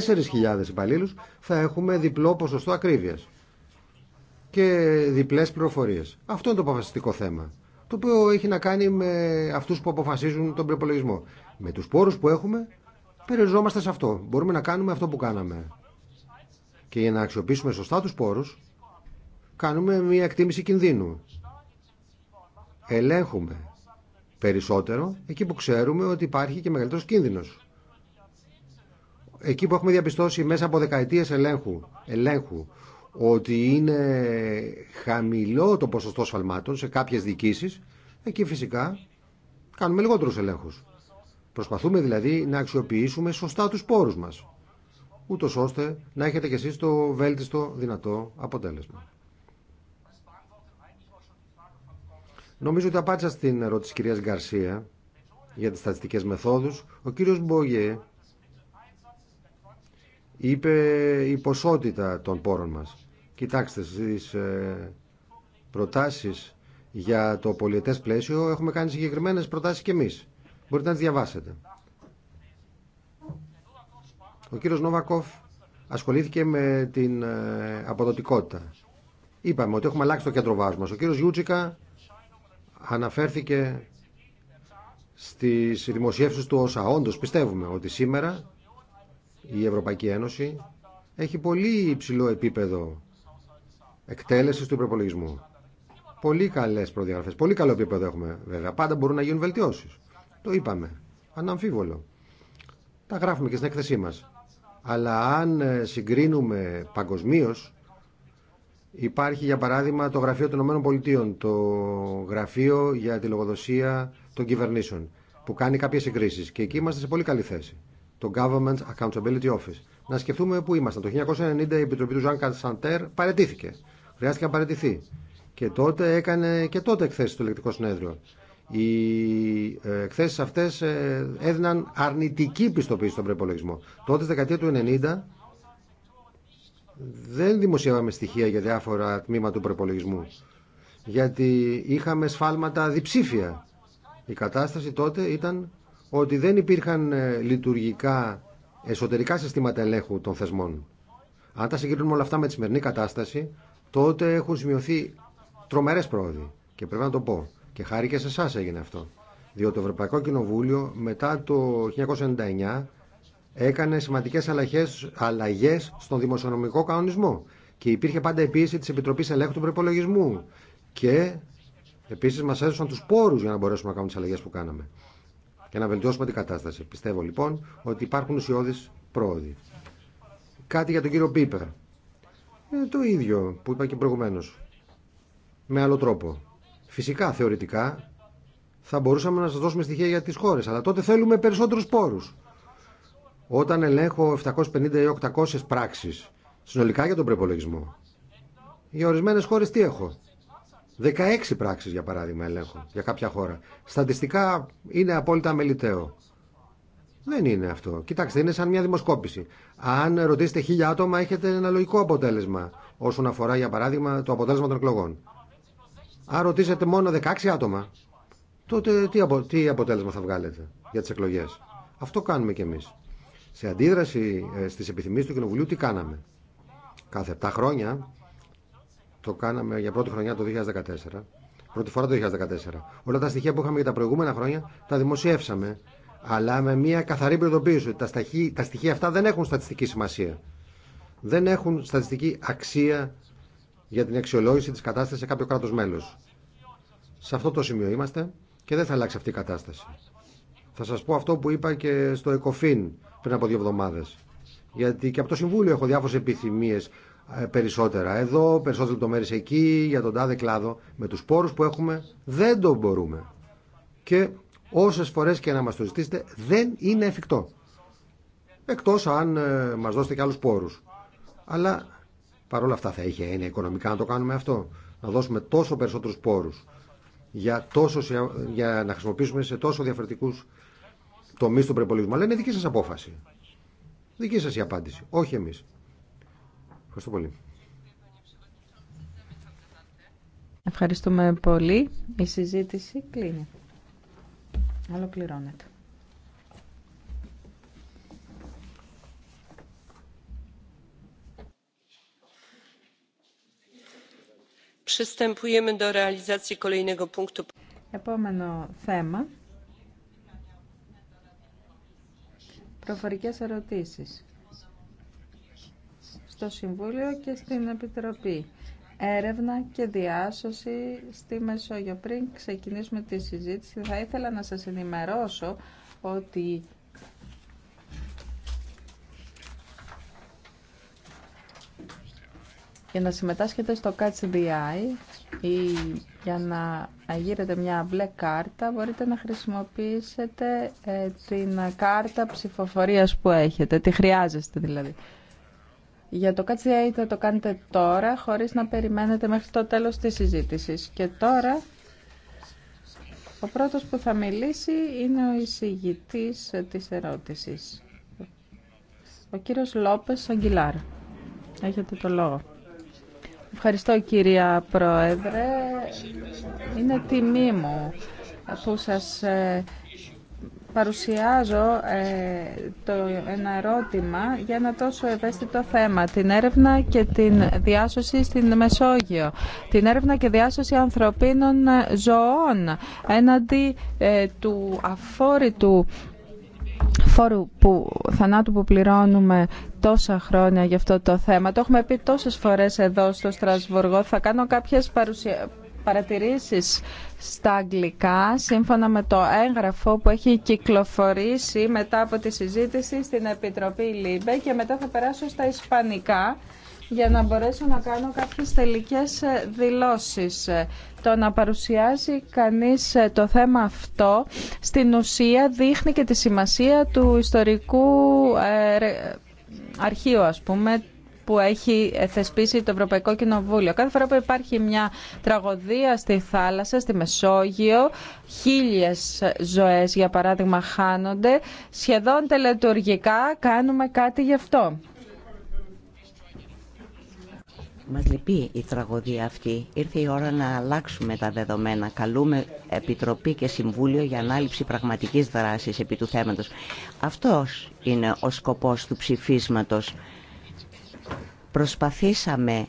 4.000 υπαλλήλου, θα έχουμε διπλό ποσοστό ακρίβεια. και διπλές πληροφορίες. Αυτό είναι το αποφασιστικό θέμα, το οποίο έχει να κάνει με αυτούς που αποφασίζουν τον προπολογισμό. Με τους πόρους που έχουμε περιοριζόμαστε σε αυτό. Μπορούμε να κάνουμε αυτό που κάναμε. Και για να αξιοποιήσουμε σωστά τους πόρους, κάνουμε μια εκτίμηση κινδύνου. Ελέγχουμε περισσότερο εκεί που ξέρουμε ότι υπάρχει και μεγαλύτερος κίνδυνος. Εκεί που έχουμε διαπιστώσει μέσα από δεκαετίες ελέγχου, ελέγχου ότι είναι χαμηλό το ποσοστό σφαλμάτων σε κάποιες διοικήσεις, εκεί φυσικά κάνουμε λιγότερους ελέγχους. Προσπαθούμε δηλαδή να αξιοποιήσουμε σωστά τους πόρους μας, ούτως ώστε να έχετε κι εσείς το βέλτιστο δυνατό αποτέλεσμα. Νομίζω ότι απάντησα στην ερώτηση της κυρίας Γκαρσία για τις στατιστικές μεθόδους. Ο κύριος Μπόγιε είπε η ποσότητα των πόρων μας. Κοιτάξτε, στις ε, προτάσεις για το πολιετές πλαίσιο έχουμε κάνει συγκεκριμένες προτάσεις και εμείς. Μπορείτε να τις διαβάσετε. Ο κύριος Νόβακοφ ασχολήθηκε με την ε, αποδοτικότητα. Είπαμε ότι έχουμε αλλάξει το κέντρο βάσμα. Ο κύριος Γιούτσικα αναφέρθηκε στις δημοσιεύσεις του ΩΣΑ. Όντως πιστεύουμε ότι σήμερα η Ευρωπαϊκή Ένωση έχει πολύ υψηλό επίπεδο εκτέλεσης του υπερπολογισμού. Πολύ καλές προδιαγραφές, πολύ καλό επίπεδο έχουμε βέβαια. Πάντα μπορούν να γίνουν βελτιώσεις. Το είπαμε, αναμφίβολο. Τα γράφουμε και στην έκθεσή μας. Αλλά αν ε, συγκρίνουμε παγκοσμίω Υπάρχει για παράδειγμα το Γραφείο των Πολιτείων. το Γραφείο για τη Λογοδοσία των Κυβερνήσεων, που κάνει κάποιε συγκρίσει. Και εκεί είμαστε σε πολύ καλή θέση. Το Government Accountability Office. Να σκεφτούμε πού ήμασταν. Το 1990 η Επιτροπή του Ζαν Κατσαντέρ παρετήθηκε. Χρειάστηκε να παρετηθεί. Και τότε έκανε και τότε εκθέσει στο Ελεκτικό συνέδριο. Οι ε, εκθέσει αυτέ ε, έδιναν αρνητική πιστοποίηση στον προπολογισμό. Τότε, στη δεκαετία του 90, δεν δημοσιεύαμε στοιχεία για διάφορα τμήματα του προπολογισμού. Γιατί είχαμε σφάλματα διψήφια. Η κατάσταση τότε ήταν ότι δεν υπήρχαν ε, λειτουργικά εσωτερικά συστήματα ελέγχου των θεσμών. Αν τα συγκρίνουμε όλα αυτά με τη σημερινή κατάσταση, τότε έχουν σημειωθεί τρομερές πρόοδοι. Και πρέπει να το πω. Και χάρη και σε εσά έγινε αυτό. Διότι το Ευρωπαϊκό Κοινοβούλιο μετά το 1999 έκανε σημαντικέ αλλαγέ στον δημοσιονομικό κανονισμό και υπήρχε πάντα επίση της Επιτροπής Ελέγχου του Προπολογισμού και επίση μα έδωσαν του πόρου για να μπορέσουμε να κάνουμε τι αλλαγές που κάναμε και να βελτιώσουμε την κατάσταση. Πιστεύω λοιπόν ότι υπάρχουν ουσιώδει πρόοδοι. Κάτι για τον κύριο Πίπερ. Είναι το ίδιο που είπα και προηγουμένω. Με άλλο τρόπο. Φυσικά, θεωρητικά, θα μπορούσαμε να σα δώσουμε στοιχεία για τι χώρε, αλλά τότε θέλουμε περισσότερου πόρου όταν ελέγχω 750 ή 800 πράξεις συνολικά για τον προπολογισμό. Για ορισμένε χώρε τι έχω. 16 πράξεις για παράδειγμα ελέγχω για κάποια χώρα. Στατιστικά είναι απόλυτα αμεληταίο. Δεν είναι αυτό. Κοιτάξτε, είναι σαν μια δημοσκόπηση. Αν ρωτήσετε χίλια άτομα, έχετε ένα λογικό αποτέλεσμα όσον αφορά, για παράδειγμα, το αποτέλεσμα των εκλογών. Αν ρωτήσετε μόνο 16 άτομα, τότε τι, αποτέλεσμα θα βγάλετε για τι εκλογέ. Αυτό κάνουμε κι εμεί. Σε αντίδραση ε, στις επιθυμίες του Κοινοβουλίου τι κάναμε. Κάθε 7 χρόνια, το κάναμε για πρώτη χρονιά το 2014, πρώτη φορά το 2014, όλα τα στοιχεία που είχαμε για τα προηγούμενα χρόνια τα δημοσιεύσαμε. Αλλά με μια καθαρή προειδοποίηση ότι τα στοιχεία, αυτά δεν έχουν στατιστική σημασία. Δεν έχουν στατιστική αξία για την αξιολόγηση της κατάστασης σε κάποιο κράτος μέλος. Σε αυτό το σημείο είμαστε και δεν θα αλλάξει αυτή η κατάσταση. Θα σας πω αυτό που είπα και στο ΕΚΟΦΗΝ πριν από δύο εβδομάδε. Γιατί και από το Συμβούλιο έχω διάφορε επιθυμίε ε, περισσότερα εδώ, περισσότερε λεπτομέρειε εκεί, για τον τάδε κλάδο. Με του πόρου που έχουμε δεν το μπορούμε. Και όσε φορέ και να μα το ζητήσετε δεν είναι εφικτό. Εκτό αν ε, μα δώσετε και άλλου πόρου. Αλλά παρόλα αυτά θα είχε έννοια οικονομικά να το κάνουμε αυτό. Να δώσουμε τόσο περισσότερου πόρου για, για να χρησιμοποιήσουμε σε τόσο διαφορετικού τομεί του προπολογισμού. Αλλά είναι δική σα απόφαση. Δική σα η απάντηση. Όχι εμεί. Ευχαριστώ πολύ. Ευχαριστούμε πολύ. Η συζήτηση κλείνει. Ολοκληρώνεται. Επόμενο θέμα προφορικές ερωτήσεις στο Συμβούλιο και στην Επιτροπή. Έρευνα και διάσωση στη Μεσόγειο. Πριν ξεκινήσουμε τη συζήτηση, θα ήθελα να σας ενημερώσω ότι για να συμμετάσχετε στο Catch the ή για να γύρετε μια μπλε κάρτα μπορείτε να χρησιμοποιήσετε ε, την κάρτα ψηφοφορίας που έχετε, τη χρειάζεστε δηλαδή. Για το ΚΑΤΣΙΑΙΤΑ θα το κάνετε τώρα χωρίς να περιμένετε μέχρι το τέλος της συζήτησης. Και τώρα ο πρώτος που θα μιλήσει είναι ο εισηγητής της ερώτησης. Ο κύριος Λόπες Αγγιλάρ. Έχετε το λόγο. Ευχαριστώ κυρία Πρόεδρε. Είναι τιμή μου που σας ε, παρουσιάζω ε, το, ένα ερώτημα για ένα τόσο ευαίσθητο θέμα. Την έρευνα και την διάσωση στην Μεσόγειο. Την έρευνα και διάσωση ανθρωπίνων ζωών έναντι ε, του αφόρητου φόρου που, θανάτου που πληρώνουμε τόσα χρόνια για αυτό το θέμα. Το έχουμε πει τόσες φορές εδώ στο Στρασβουργό. Θα κάνω κάποιες παρουσια... παρατηρήσεις στα αγγλικά σύμφωνα με το έγγραφο που έχει κυκλοφορήσει μετά από τη συζήτηση στην Επιτροπή ΛΥΜΠΕ και μετά θα περάσω στα ισπανικά για να μπορέσω να κάνω κάποιες τελικές ε, δηλώσεις. Ε, το να παρουσιάζει κανείς ε, το θέμα αυτό στην ουσία δείχνει και τη σημασία του ιστορικού αρχείου ας πούμε που έχει θεσπίσει το Ευρωπαϊκό Κοινοβούλιο. Κάθε φορά που υπάρχει μια τραγωδία στη θάλασσα, στη Μεσόγειο, χίλιες ζωές για παράδειγμα χάνονται, σχεδόν τελετουργικά κάνουμε κάτι γι' αυτό. Μας λυπεί η τραγωδία αυτή. Ήρθε η ώρα να αλλάξουμε τα δεδομένα. Καλούμε Επιτροπή και Συμβούλιο για ανάληψη πραγματικής δράσης επί του θέματος. Αυτός είναι ο σκοπός του ψηφίσματος. Προσπαθήσαμε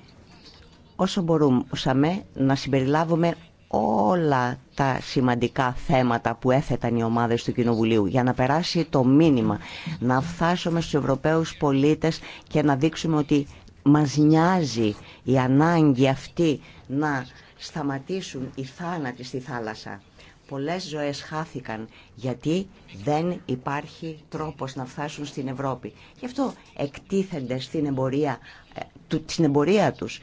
όσο μπορούσαμε να συμπεριλάβουμε όλα τα σημαντικά θέματα που έθεταν οι ομάδες του Κοινοβουλίου για να περάσει το μήνυμα, να φτάσουμε στους Ευρωπαίους πολίτες και να δείξουμε ότι μας νοιάζει η ανάγκη αυτή να σταματήσουν οι θάνατοι στη θάλασσα. Πολλές ζωές χάθηκαν γιατί δεν υπάρχει τρόπος να φτάσουν στην Ευρώπη. Γι' αυτό εκτίθενται στην εμπορία, ε, του στην εμπορία τους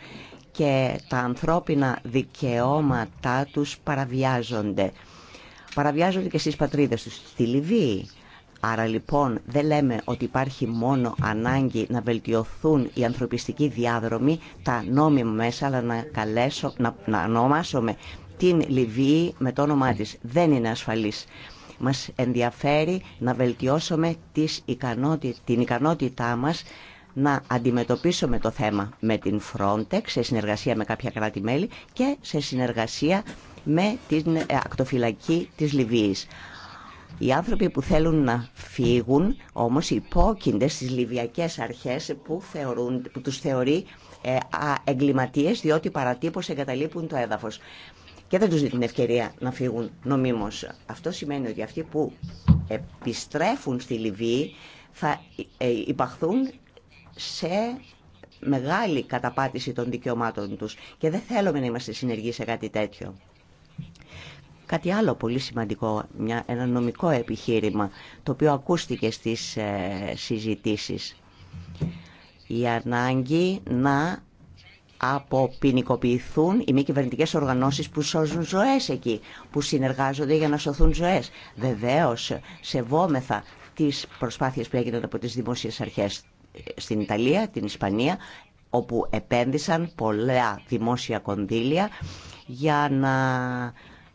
και τα ανθρώπινα δικαιώματά τους παραβιάζονται. Παραβιάζονται και στις πατρίδες τους, στη Λιβύη Άρα λοιπόν δεν λέμε ότι υπάρχει μόνο ανάγκη να βελτιωθούν οι ανθρωπιστικοί διάδρομοι, τα νόμιμα μέσα, αλλά να, καλέσω, να, να ονομάσουμε την Λιβύη με το όνομά της. Δεν είναι ασφαλής. Μας ενδιαφέρει να βελτιώσουμε τις την ικανότητά μας να αντιμετωπίσουμε το θέμα με την Frontex, σε συνεργασία με κάποια κράτη-μέλη και σε συνεργασία με την ακτοφυλακή της Λιβύης. Οι άνθρωποι που θέλουν να φύγουν όμως υπόκεινται στις λιβιακές αρχές που, θεωρούν, που τους θεωρεί ε, εγκληματίες διότι παρατύπως εγκαταλείπουν το έδαφος. Και δεν τους δίνει την ευκαιρία να φύγουν νομίμως. Αυτό σημαίνει ότι αυτοί που επιστρέφουν στη Λιβύη θα ε, υπαχθούν σε μεγάλη καταπάτηση των δικαιωμάτων τους. Και δεν θέλουμε να είμαστε συνεργοί σε κάτι τέτοιο. Κάτι άλλο πολύ σημαντικό, μια, ένα νομικό επιχείρημα, το οποίο ακούστηκε στις ε, συζητήσεις. Η ανάγκη να αποποινικοποιηθούν οι μη κυβερνητικέ οργανώσεις που σώζουν ζωές εκεί, που συνεργάζονται για να σωθούν ζωές. Βεβαίως, σεβόμεθα τις προσπάθειες που έγιναν από τις δημόσιες αρχές στην Ιταλία, την Ισπανία, όπου επένδυσαν πολλά δημόσια κονδύλια για να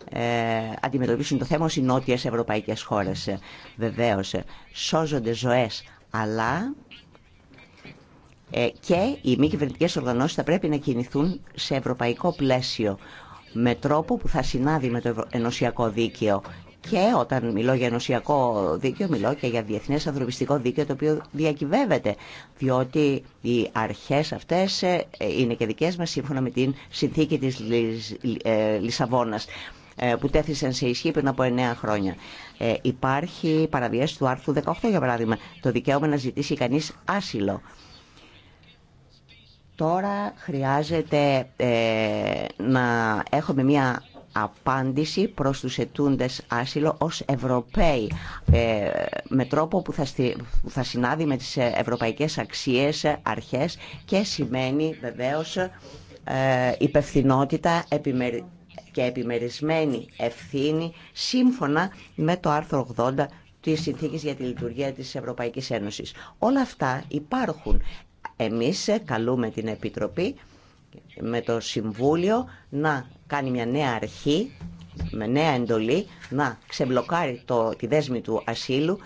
ε, αντιμετωπίσουν το θέμα ως οι νότιες ευρωπαϊκές χώρες. Βεβαίως, σώζονται ζωές, αλλά ε, και οι μη κυβερνητικέ οργανώσεις θα πρέπει να κινηθούν σε ευρωπαϊκό πλαίσιο με τρόπο που θα συνάδει με το ενωσιακό δίκαιο. Και όταν μιλώ για ενωσιακό δίκαιο, μιλώ και για διεθνές ανθρωπιστικό δίκαιο το οποίο διακυβεύεται, διότι οι αρχές αυτές ε, είναι και δικές μας σύμφωνα με την συνθήκη της Λισαβόνας. Ε, που τέθησαν σε ισχύ πριν από 9 χρόνια. Ε, υπάρχει παραβίαση του άρθρου 18, για παράδειγμα, το δικαίωμα να ζητήσει κανείς άσυλο. Τώρα χρειάζεται ε, να έχουμε μια απάντηση προς τους ετούντες άσυλο ως Ευρωπαίοι με τρόπο που θα συνάδει με τις ευρωπαϊκές αξίες, αρχές και σημαίνει βεβαίως υπευθυνότητα, και επιμερισμένη ευθύνη σύμφωνα με το άρθρο 80 της Συνθήκης για τη Λειτουργία της Ευρωπαϊκής Ένωσης. Όλα αυτά υπάρχουν. Εμείς καλούμε την Επιτροπή με το Συμβούλιο να κάνει μια νέα αρχή, με νέα εντολή, να ξεμπλοκάρει το, τη δέσμη του ασύλου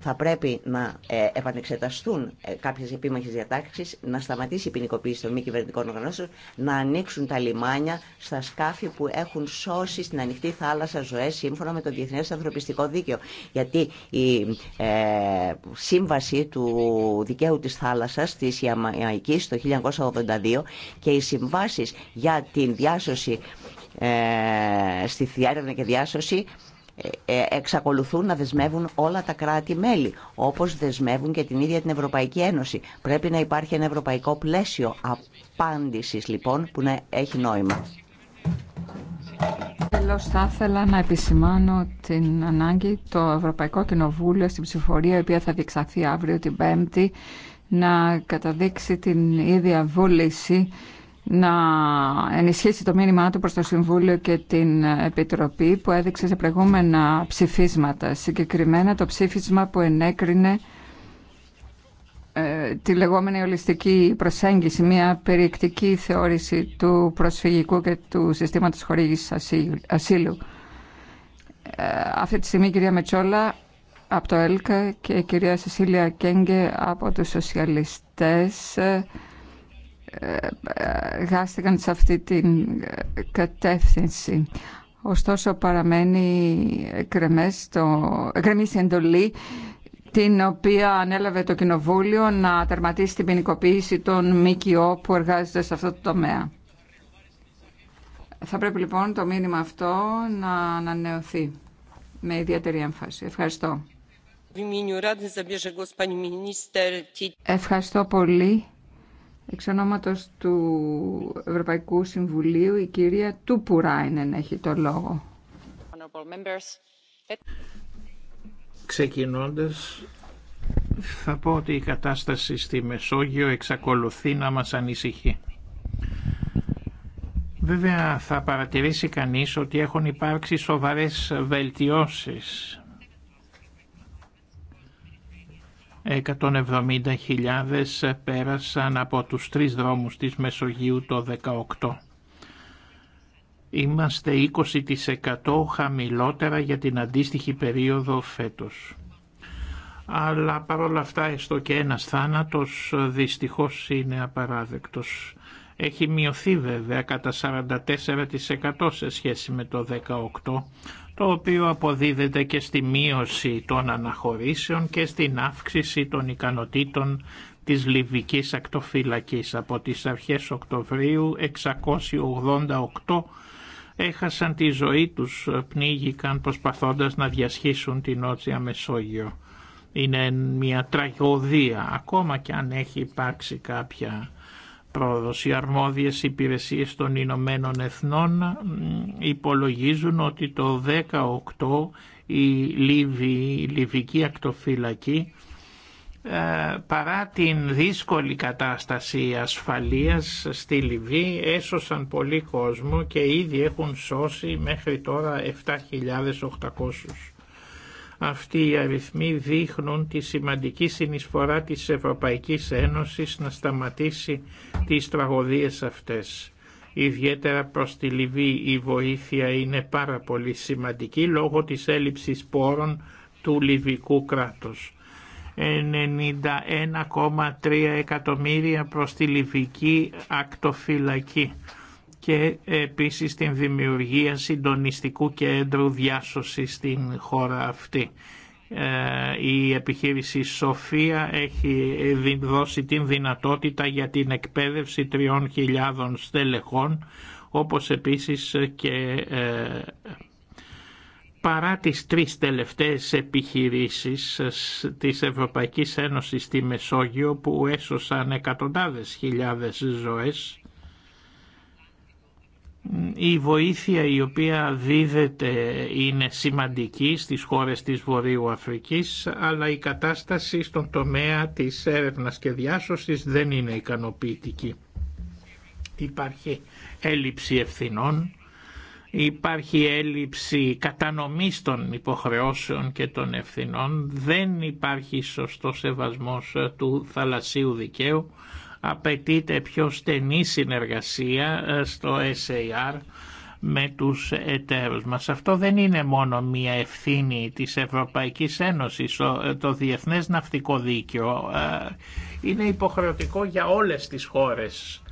θα πρέπει να ε, επανεξεταστούν ε, κάποιες επίμαχες διατάξεις, να σταματήσει η ποινικοποίηση των μη κυβερνητικών οργανώσεων, να ανοίξουν τα λιμάνια στα σκάφη που έχουν σώσει στην ανοιχτή θάλασσα ζωές σύμφωνα με το Διεθνές Ανθρωπιστικό Δίκαιο. Γιατί η ε, σύμβαση του δικαίου της θάλασσας της Ιαμαϊκής το 1982 και οι συμβάσει για την διάσωση στη έρευνα και διάσωση ε, ε, εξακολουθούν να δεσμεύουν όλα τα κράτη-μέλη, όπως δεσμεύουν και την ίδια την Ευρωπαϊκή Ένωση. Πρέπει να υπάρχει ένα ευρωπαϊκό πλαίσιο απάντησης, λοιπόν, που να έχει νόημα. Τέλος, θα ήθελα να επισημάνω την ανάγκη το Ευρωπαϊκό Κοινοβούλιο στην ψηφορία, η οποία θα διεξαχθεί αύριο την Πέμπτη, να καταδείξει την ίδια βούληση να ενισχύσει το μήνυμά του προς το Συμβούλιο και την Επιτροπή που έδειξε σε προηγούμενα ψηφίσματα. Συγκεκριμένα το ψήφισμα που ενέκρινε ε, τη λεγόμενη ολιστική προσέγγιση, μια περιεκτική θεώρηση του προσφυγικού και του συστήματος χορήγησης ασύλου. Ε, αυτή τη στιγμή κυρία Μετσόλα από το ΕΛΚΑ και η κυρία Σεσίλια Κέγκε από τους Σοσιαλιστές ε, εργάστηκαν σε αυτή την κατεύθυνση. Ωστόσο παραμένει κρεμές το, εντολή την οποία ανέλαβε το Κοινοβούλιο να τερματίσει την ποινικοποίηση των ΜΚΟ που εργάζονται σε αυτό το τομέα. Θα πρέπει λοιπόν το μήνυμα αυτό να ανανεωθεί με ιδιαίτερη έμφαση. Ευχαριστώ. Ευχαριστώ πολύ. Εξ ονόματος του Ευρωπαϊκού Συμβουλίου, η κυρία Τούπουράινεν έχει το λόγο. Ξεκινώντας, θα πω ότι η κατάσταση στη Μεσόγειο εξακολουθεί να μας ανησυχεί. Βέβαια θα παρατηρήσει κανείς ότι έχουν υπάρξει σοβαρές βελτιώσεις 170.000 πέρασαν από τους τρεις δρόμους της Μεσογείου το 18. Είμαστε 20% χαμηλότερα για την αντίστοιχη περίοδο φέτος. Αλλά παρόλα αυτά έστω και ένας θάνατος δυστυχώς είναι απαράδεκτος. Έχει μειωθεί βέβαια κατά 44% σε σχέση με το 18 το οποίο αποδίδεται και στη μείωση των αναχωρήσεων και στην αύξηση των ικανοτήτων της Λιβικής Ακτοφυλακής. Από τις αρχές Οκτωβρίου 688 έχασαν τη ζωή τους, πνίγηκαν προσπαθώντας να διασχίσουν την Νότια Μεσόγειο. Είναι μια τραγωδία, ακόμα και αν έχει υπάρξει κάποια πρόοδος. Οι αρμόδιες υπηρεσίες των Ηνωμένων Εθνών υπολογίζουν ότι το 18 η, Λιβική ακτοφυλακή ε, παρά την δύσκολη κατάσταση ασφαλείας στη Λιβύη έσωσαν πολύ κόσμο και ήδη έχουν σώσει μέχρι τώρα 7.800. Αυτοί οι αριθμοί δείχνουν τη σημαντική συνεισφορά της Ευρωπαϊκής Ένωσης να σταματήσει τις τραγωδίες αυτές. Ιδιαίτερα προς τη Λιβύη η βοήθεια είναι πάρα πολύ σημαντική λόγω της έλλειψης πόρων του Λιβυκού κράτους. 91,3 εκατομμύρια προς τη Λιβυκή ακτοφυλακή και επίσης την δημιουργία συντονιστικού κέντρου διάσωσης στην χώρα αυτή. Ε, η επιχείρηση Σοφία έχει δώσει την δυνατότητα για την εκπαίδευση 3.000 στελεχών όπως επίσης και ε, παρά τις τρεις τελευταίες επιχειρήσεις της Ευρωπαϊκής Ένωσης στη Μεσόγειο που έσωσαν εκατοντάδες χιλιάδες ζωές η βοήθεια η οποία δίδεται είναι σημαντική στις χώρες της Βορείου Αφρικής, αλλά η κατάσταση στον τομέα της έρευνας και διάσωσης δεν είναι ικανοποιητική. Υπάρχει έλλειψη ευθυνών, υπάρχει έλλειψη κατανομής των υποχρεώσεων και των ευθυνών, δεν υπάρχει σωστός σεβασμός του θαλασσίου δικαίου απαιτείται πιο στενή συνεργασία ε, στο SAR με τους εταίρους μας. Αυτό δεν είναι μόνο μία ευθύνη της Ευρωπαϊκής Ένωσης. Ε, το Διεθνές Ναυτικό Δίκαιο ε, είναι υποχρεωτικό για όλες τις χώρες.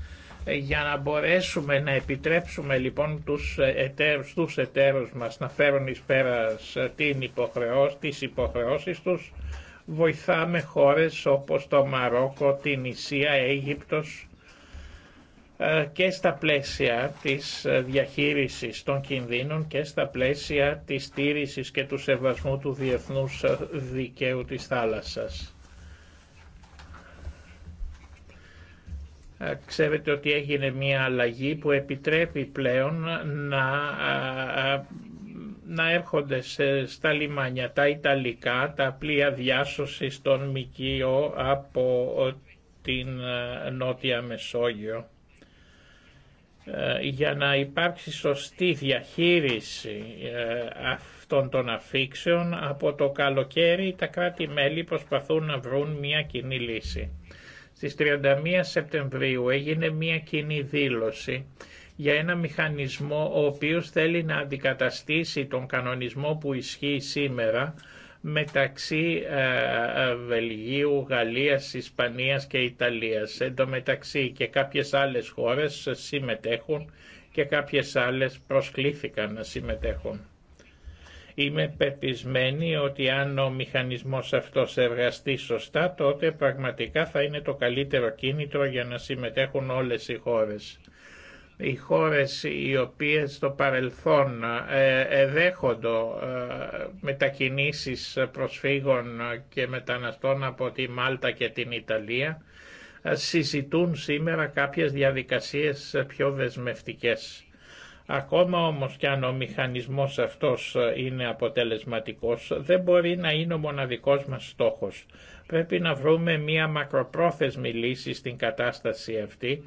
Για να μπορέσουμε να επιτρέψουμε λοιπόν τους εταίρους, τους εταίρους μας να φέρουν εις πέρας την υποχρεώ, τις υποχρεώσεις τους, βοηθάμε χώρες όπως το Μαρόκο, την Ισία, Αίγυπτος ε, και στα πλαίσια της ε, διαχείρισης των κινδύνων και στα πλαίσια της στήρησης και του σεβασμού του διεθνούς ε, δικαίου της θάλασσας. Ξέρετε ότι έγινε μια αλλαγή που επιτρέπει πλέον να να έρχονται σε, στα λιμάνια τα Ιταλικά, τα πλοία διάσωση στον Μικείο από ε, την ε, Νότια Μεσόγειο ε, για να υπάρξει σωστή διαχείριση αυτών των αφήξεων από το καλοκαίρι τα κράτη-μέλη προσπαθούν να βρουν μια κοινή λύση. Στις 31 Σεπτεμβρίου έγινε μια κοινή δήλωση για ένα μηχανισμό ο οποίος θέλει να αντικαταστήσει τον κανονισμό που ισχύει σήμερα μεταξύ ε, Βελγίου, Γαλλίας, Ισπανίας και Ιταλίας. Εν μεταξύ και κάποιες άλλες χώρες συμμετέχουν και κάποιες άλλες προσκλήθηκαν να συμμετέχουν. Είμαι πεπισμένη ότι αν ο μηχανισμός αυτός εργαστεί σωστά, τότε πραγματικά θα είναι το καλύτερο κίνητρο για να συμμετέχουν όλες οι χώρες οι χώρες οι οποίες στο παρελθόν ε, εδέχονται ε, μετακινήσεις προσφύγων και μεταναστών από τη Μάλτα και την Ιταλία ε, συζητούν σήμερα κάποιες διαδικασίες πιο δεσμευτικές. Ακόμα όμως και αν ο μηχανισμός αυτός είναι αποτελεσματικός, δεν μπορεί να είναι ο μοναδικός μας στόχος. Πρέπει να βρούμε μία μακροπρόθεσμη λύση στην κατάσταση αυτή,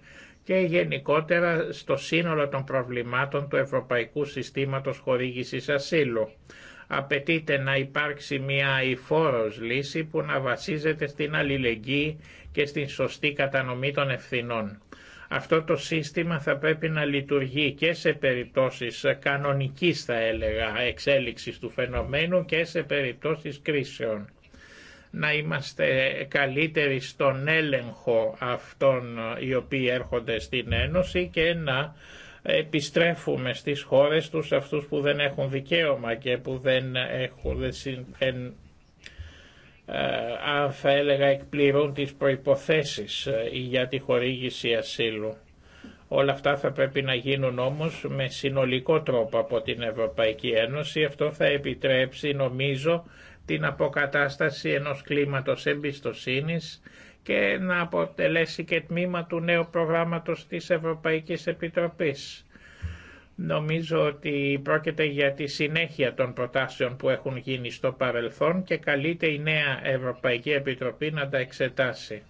και γενικότερα στο σύνολο των προβλημάτων του Ευρωπαϊκού Συστήματος Χορήγησης Ασύλου. Απαιτείται να υπάρξει μια αηφόρος λύση που να βασίζεται στην αλληλεγγύη και στην σωστή κατανομή των ευθυνών. Αυτό το σύστημα θα πρέπει να λειτουργεί και σε περιπτώσεις κανονικής θα έλεγα εξέλιξης του φαινομένου και σε περιπτώσεις κρίσεων να είμαστε καλύτεροι στον έλεγχο αυτών ε, οι οποίοι έρχονται στην Ένωση και να επιστρέφουμε στις χώρες τους αυτούς που δεν έχουν δικαίωμα και που δεν έχουν, δεν, ε, αν θα έλεγα εκπληρούν τις προϋποθέσεις ε, για τη χορήγηση ασύλου. Όλα αυτά θα πρέπει να γίνουν όμως με συνολικό τρόπο από την Ευρωπαϊκή Ένωση. Αυτό θα επιτρέψει νομίζω την αποκατάσταση ενός κλίματος εμπιστοσύνης και να αποτελέσει και τμήμα του νέου προγράμματος της Ευρωπαϊκής Επιτροπής. Νομίζω ότι πρόκειται για τη συνέχεια των προτάσεων που έχουν γίνει στο παρελθόν και καλείται η νέα Ευρωπαϊκή Επιτροπή να τα εξετάσει.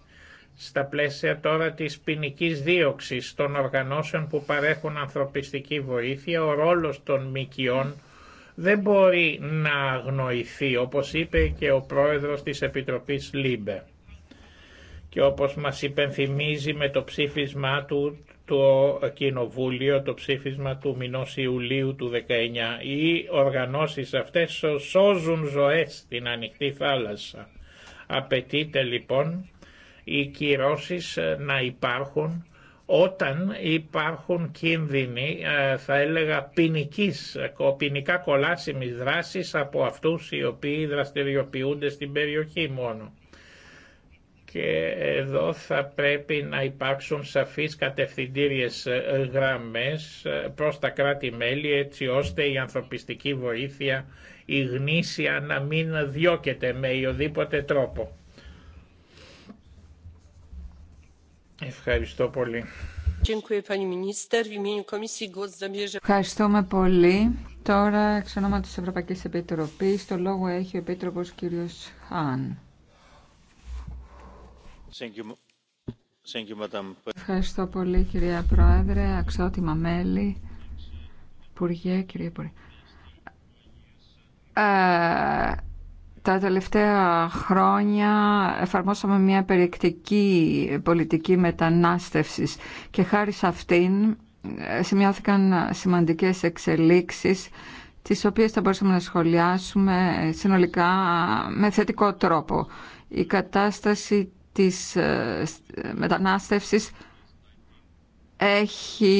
Στα πλαίσια τώρα της ποινική δίωξης των οργανώσεων που παρέχουν ανθρωπιστική βοήθεια, ο ρόλος των μικιών δεν μπορεί να αγνοηθεί, όπως είπε και ο πρόεδρος της Επιτροπής Λίμπε. Και όπως μας υπενθυμίζει με το ψήφισμά του το Κοινοβούλιο, το ψήφισμα του μηνός Ιουλίου του 19, οι οργανώσεις αυτές σώζουν ζωές στην ανοιχτή θάλασσα. Απαιτείται λοιπόν οι κυρώσεις να υπάρχουν όταν υπάρχουν κίνδυνοι, ε, θα έλεγα, ποινικής, ποινικά κολάσιμης δράσης από αυτούς οι οποίοι δραστηριοποιούνται στην περιοχή μόνο. Και εδώ θα πρέπει να υπάρξουν σαφείς κατευθυντήριες ε, γραμμές ε, προς τα κράτη-μέλη έτσι ώστε η ανθρωπιστική βοήθεια, η γνήσια να μην διώκεται με οποιοδήποτε τρόπο. Ευχαριστώ πολύ. Ευχαριστούμε πολύ. Τώρα, εξ ονόματος της Ευρωπαϊκής Επιτροπής, το λόγο έχει ο Επίτροπος κ. Χάν. Ευχαριστώ πολύ, κυρία Πρόεδρε, αξιότιμα μέλη, Υπουργέ, κύριε Υπουργέ. Ε, τα τελευταία χρόνια εφαρμόσαμε μια περιεκτική πολιτική μετανάστευσης και χάρη σε αυτήν ε, σημειώθηκαν σημαντικές εξελίξεις τις οποίες θα μπορούσαμε να σχολιάσουμε ε, συνολικά με θετικό τρόπο. Η κατάσταση της ε, μετανάστευσης έχει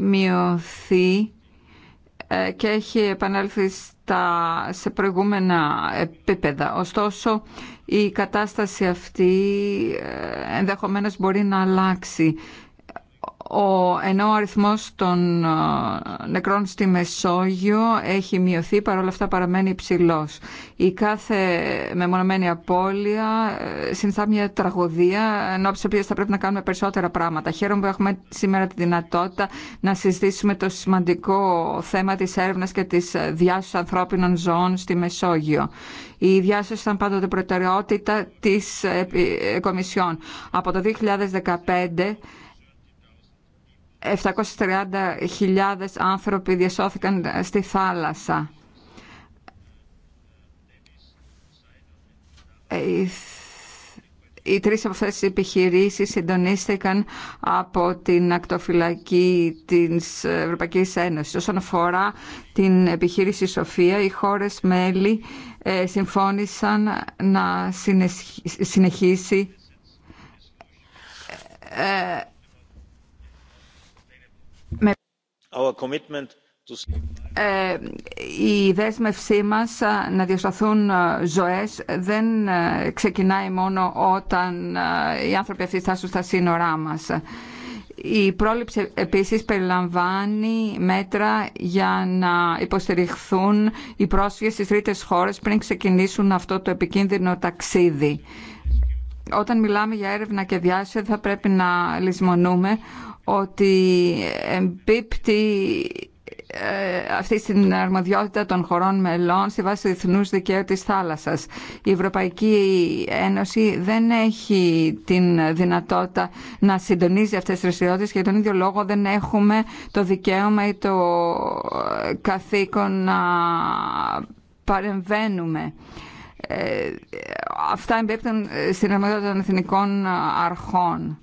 μειωθεί και έχει επανέλθει σε προηγούμενα επίπεδα. Ωστόσο, η κατάσταση αυτή ε, ενδεχομένως μπορεί να αλλάξει ο, ενώ ο αριθμός των ε, νεκρών στη Μεσόγειο έχει μειωθεί, παρόλα αυτά παραμένει υψηλός. Η κάθε μεμονωμένη απώλεια ε, συνιστά μια τραγωδία, ενώ από τις θα πρέπει να κάνουμε περισσότερα πράγματα. Χαίρομαι που έχουμε σήμερα τη δυνατότητα να συζητήσουμε το σημαντικό θέμα της έρευνας και της διάσωσης ανθρώπινων ζώων στη Μεσόγειο. Η διάσωση ήταν πάντοτε προτεραιότητα της ε, Κομισιόν. Από το 2015 730.000 άνθρωποι διασώθηκαν στη θάλασσα. Οι τρεις από αυτές τις επιχειρήσεις συντονίστηκαν από την ακτοφυλακή της Ευρωπαϊκής Ένωσης. Όσον αφορά την επιχείρηση Σοφία, οι χώρες μέλη ε, συμφώνησαν να συνεχίσει ε, ε, η δέσμευσή μας ε, να διασταθούν ε, ζωές δεν ξεκινάει μόνο όταν οι άνθρωποι αυτοί φτάσουν στα σύνορά μας. Η πρόληψη επίσης περιλαμβάνει μέτρα για να υποστηριχθούν οι πρόσφυγες στις τρίτες χώρες πριν ξεκινήσουν αυτό το επικίνδυνο ταξίδι. Όταν μιλάμε για έρευνα και διάσταση θα πρέπει να λησμονούμε ότι εμπίπτει ε, αυτή στην αρμοδιότητα των χωρών μελών στη βάση του διεθνού δικαίου της θάλασσας. Η Ευρωπαϊκή Ένωση δεν έχει την δυνατότητα να συντονίζει αυτές τις δραστηριότητες και για τον ίδιο λόγο δεν έχουμε το δικαίωμα ή το καθήκον να παρεμβαίνουμε. Ε, αυτά εμπίπτουν στην αρμοδιότητα των εθνικών αρχών.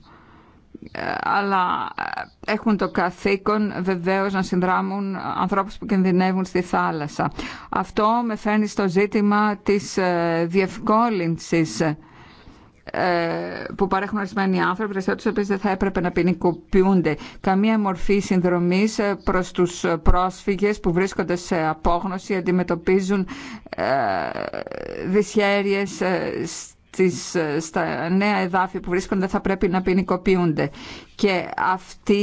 Ε, αλλά ε, έχουν το καθήκον βεβαίως να συνδράμουν ανθρώπους που κινδυνεύουν στη θάλασσα. Αυτό με φέρνει στο ζήτημα της ε, διευκόλυνσης που παρέχουν ορισμένοι άνθρωποι, τους οποίους δεν θα έπρεπε να ποινικοποιούνται. Καμία μορφή συνδρομής προς τους πρόσφυγες που βρίσκονται σε απόγνωση, αντιμετωπίζουν δυσχέρειε στις, ε, στα νέα εδάφη που βρίσκονται θα πρέπει να ποινικοποιούνται. Και αυτοί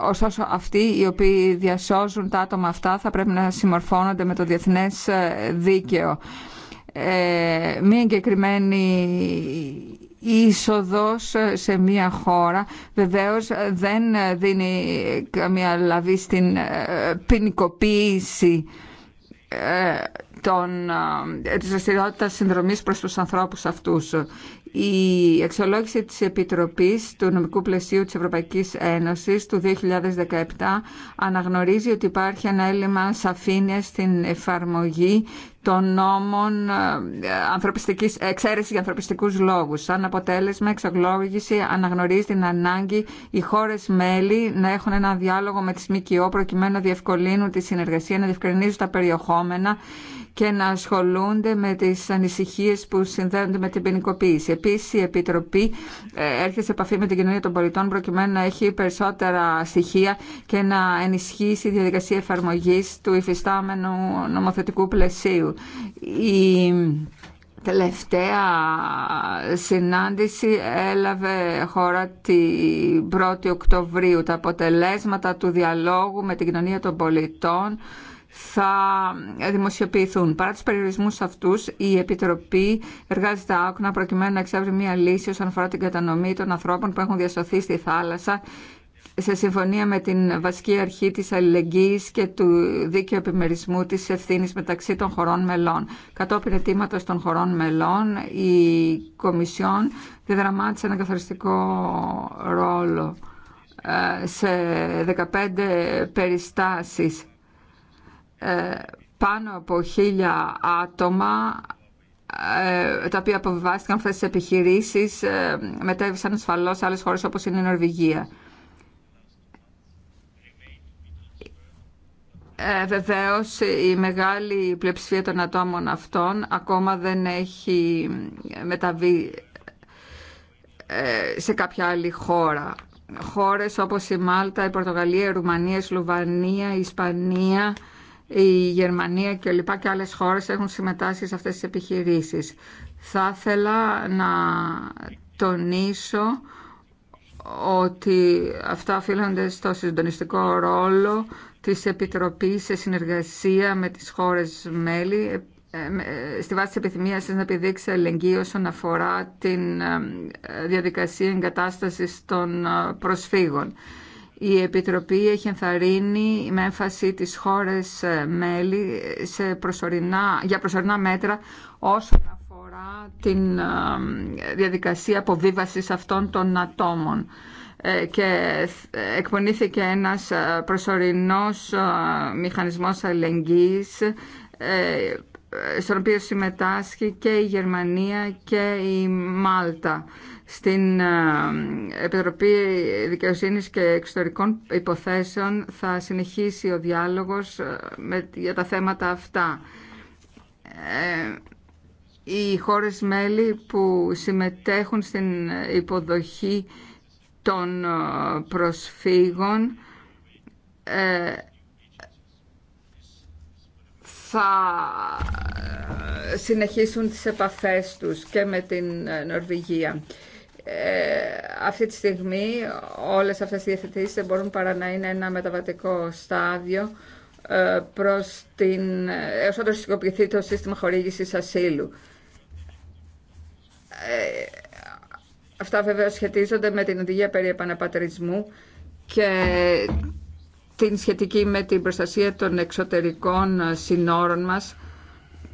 ωστόσο αυτοί οι οποίοι διασώζουν τα άτομα αυτά θα πρέπει να συμμορφώνονται με το διεθνές ε, δίκαιο. Ε, μία εγκεκριμένη είσοδος ε, σε μία χώρα βεβαίως δεν δίνει καμία λαβή στην ποινικοποίηση των, της δραστηριότητας συνδρομής προς τους ανθρώπους αυτούς. Η αξιολόγηση της Επιτροπής του Νομικού Πλαισίου της Ευρωπαϊκής Ένωσης του 2017 αναγνωρίζει ότι υπάρχει ένα έλλειμμα σαφήνεια στην εφαρμογή των νόμων ανθρωπιστικής, εξαίρεση για ανθρωπιστικούς λόγους. Σαν αποτέλεσμα, εξολόγηση αναγνωρίζει την ανάγκη οι χώρες μέλη να έχουν ένα διάλογο με τις ΜΚΟ προκειμένου να διευκολύνουν τη συνεργασία, να διευκρινίζουν τα περιεχόμενα και να ασχολούνται με τις ανησυχίες που συνδέονται με την ποινικοποίηση. Επίσης, η Επιτροπή ε, έρχεται σε επαφή με την κοινωνία των πολιτών προκειμένου να έχει περισσότερα στοιχεία και να ενισχύσει η διαδικασία εφαρμογής του υφιστάμενου νομοθετικού πλαισίου. Η τελευταία συνάντηση έλαβε χώρα την 1η Οκτωβρίου. Τα αποτελέσματα του διαλόγου με την κοινωνία των πολιτών θα δημοσιοποιηθούν. Παρά τους περιορισμούς αυτούς, η Επιτροπή εργάζεται άκουνα προκειμένου να εξεύρει μια λύση όσον αφορά την κατανομή των ανθρώπων που έχουν διασωθεί στη θάλασσα σε συμφωνία με την βασική αρχή της αλληλεγγύης και του δίκαιου επιμερισμού της ευθύνης μεταξύ των χωρών μελών. Κατόπιν αιτήματος των χωρών μελών, η Κομισιόν διδραμάτισε ένα καθοριστικό ρόλο ε, σε 15 περιστάσεις ε, πάνω από χίλια άτομα ε, τα οποία αποβιβάστηκαν αυτές τις επιχειρήσεις ε, μετέβησαν ασφαλώς σε άλλες χώρες όπως είναι η Νορβηγία. Ε, βεβαίως η μεγάλη πλειοψηφία των ατόμων αυτών ακόμα δεν έχει μεταβεί σε κάποια άλλη χώρα. Χώρες όπως η Μάλτα, η Πορτογαλία, η Ρουμανία, η Σλοβανία, η Ισπανία η Γερμανία και λοιπά και άλλες χώρες έχουν συμμετάσχει σε αυτές τις επιχειρήσεις. Θα ήθελα να τονίσω ότι αυτά οφείλονται στο συντονιστικό ρόλο της Επιτροπής σε συνεργασία με τις χώρες μέλη ε, στη βάση της επιθυμίας της να επιδείξει ελεγγύη όσον αφορά την ε, διαδικασία εγκατάστασης των ε, προσφύγων. Η Επιτροπή έχει ενθαρρύνει με έμφαση τις χώρες ε, μέλη σε προσωρινά, για προσωρινά μέτρα όσον αφορά την ε, διαδικασία αποβίβασης αυτών των ατόμων ε, και εκπονήθηκε ένας προσωρινός μηχανισμός αλληλεγγύης στον οποίο συμμετάσχει και η Γερμανία και η Μάλτα στην Επιτροπή Δικαιοσύνης και Εξωτερικών Υποθέσεων θα συνεχίσει ο διάλογος με, για τα θέματα αυτά. Ε, οι χώρες μέλη που συμμετέχουν στην υποδοχή των προσφύγων ε, θα ε, συνεχίσουν τις επαφές τους και με την Νορβηγία. Ε, αυτή τη στιγμή όλες αυτές οι διευθυντήσεις δεν μπορούν παρά να είναι ένα μεταβατικό στάδιο ε, προς την, έως το σύστημα χορήγησης ασύλου. Ε, αυτά βέβαια σχετίζονται με την οδηγία περί επαναπατρισμού και την σχετική με την προστασία των εξωτερικών συνόρων μας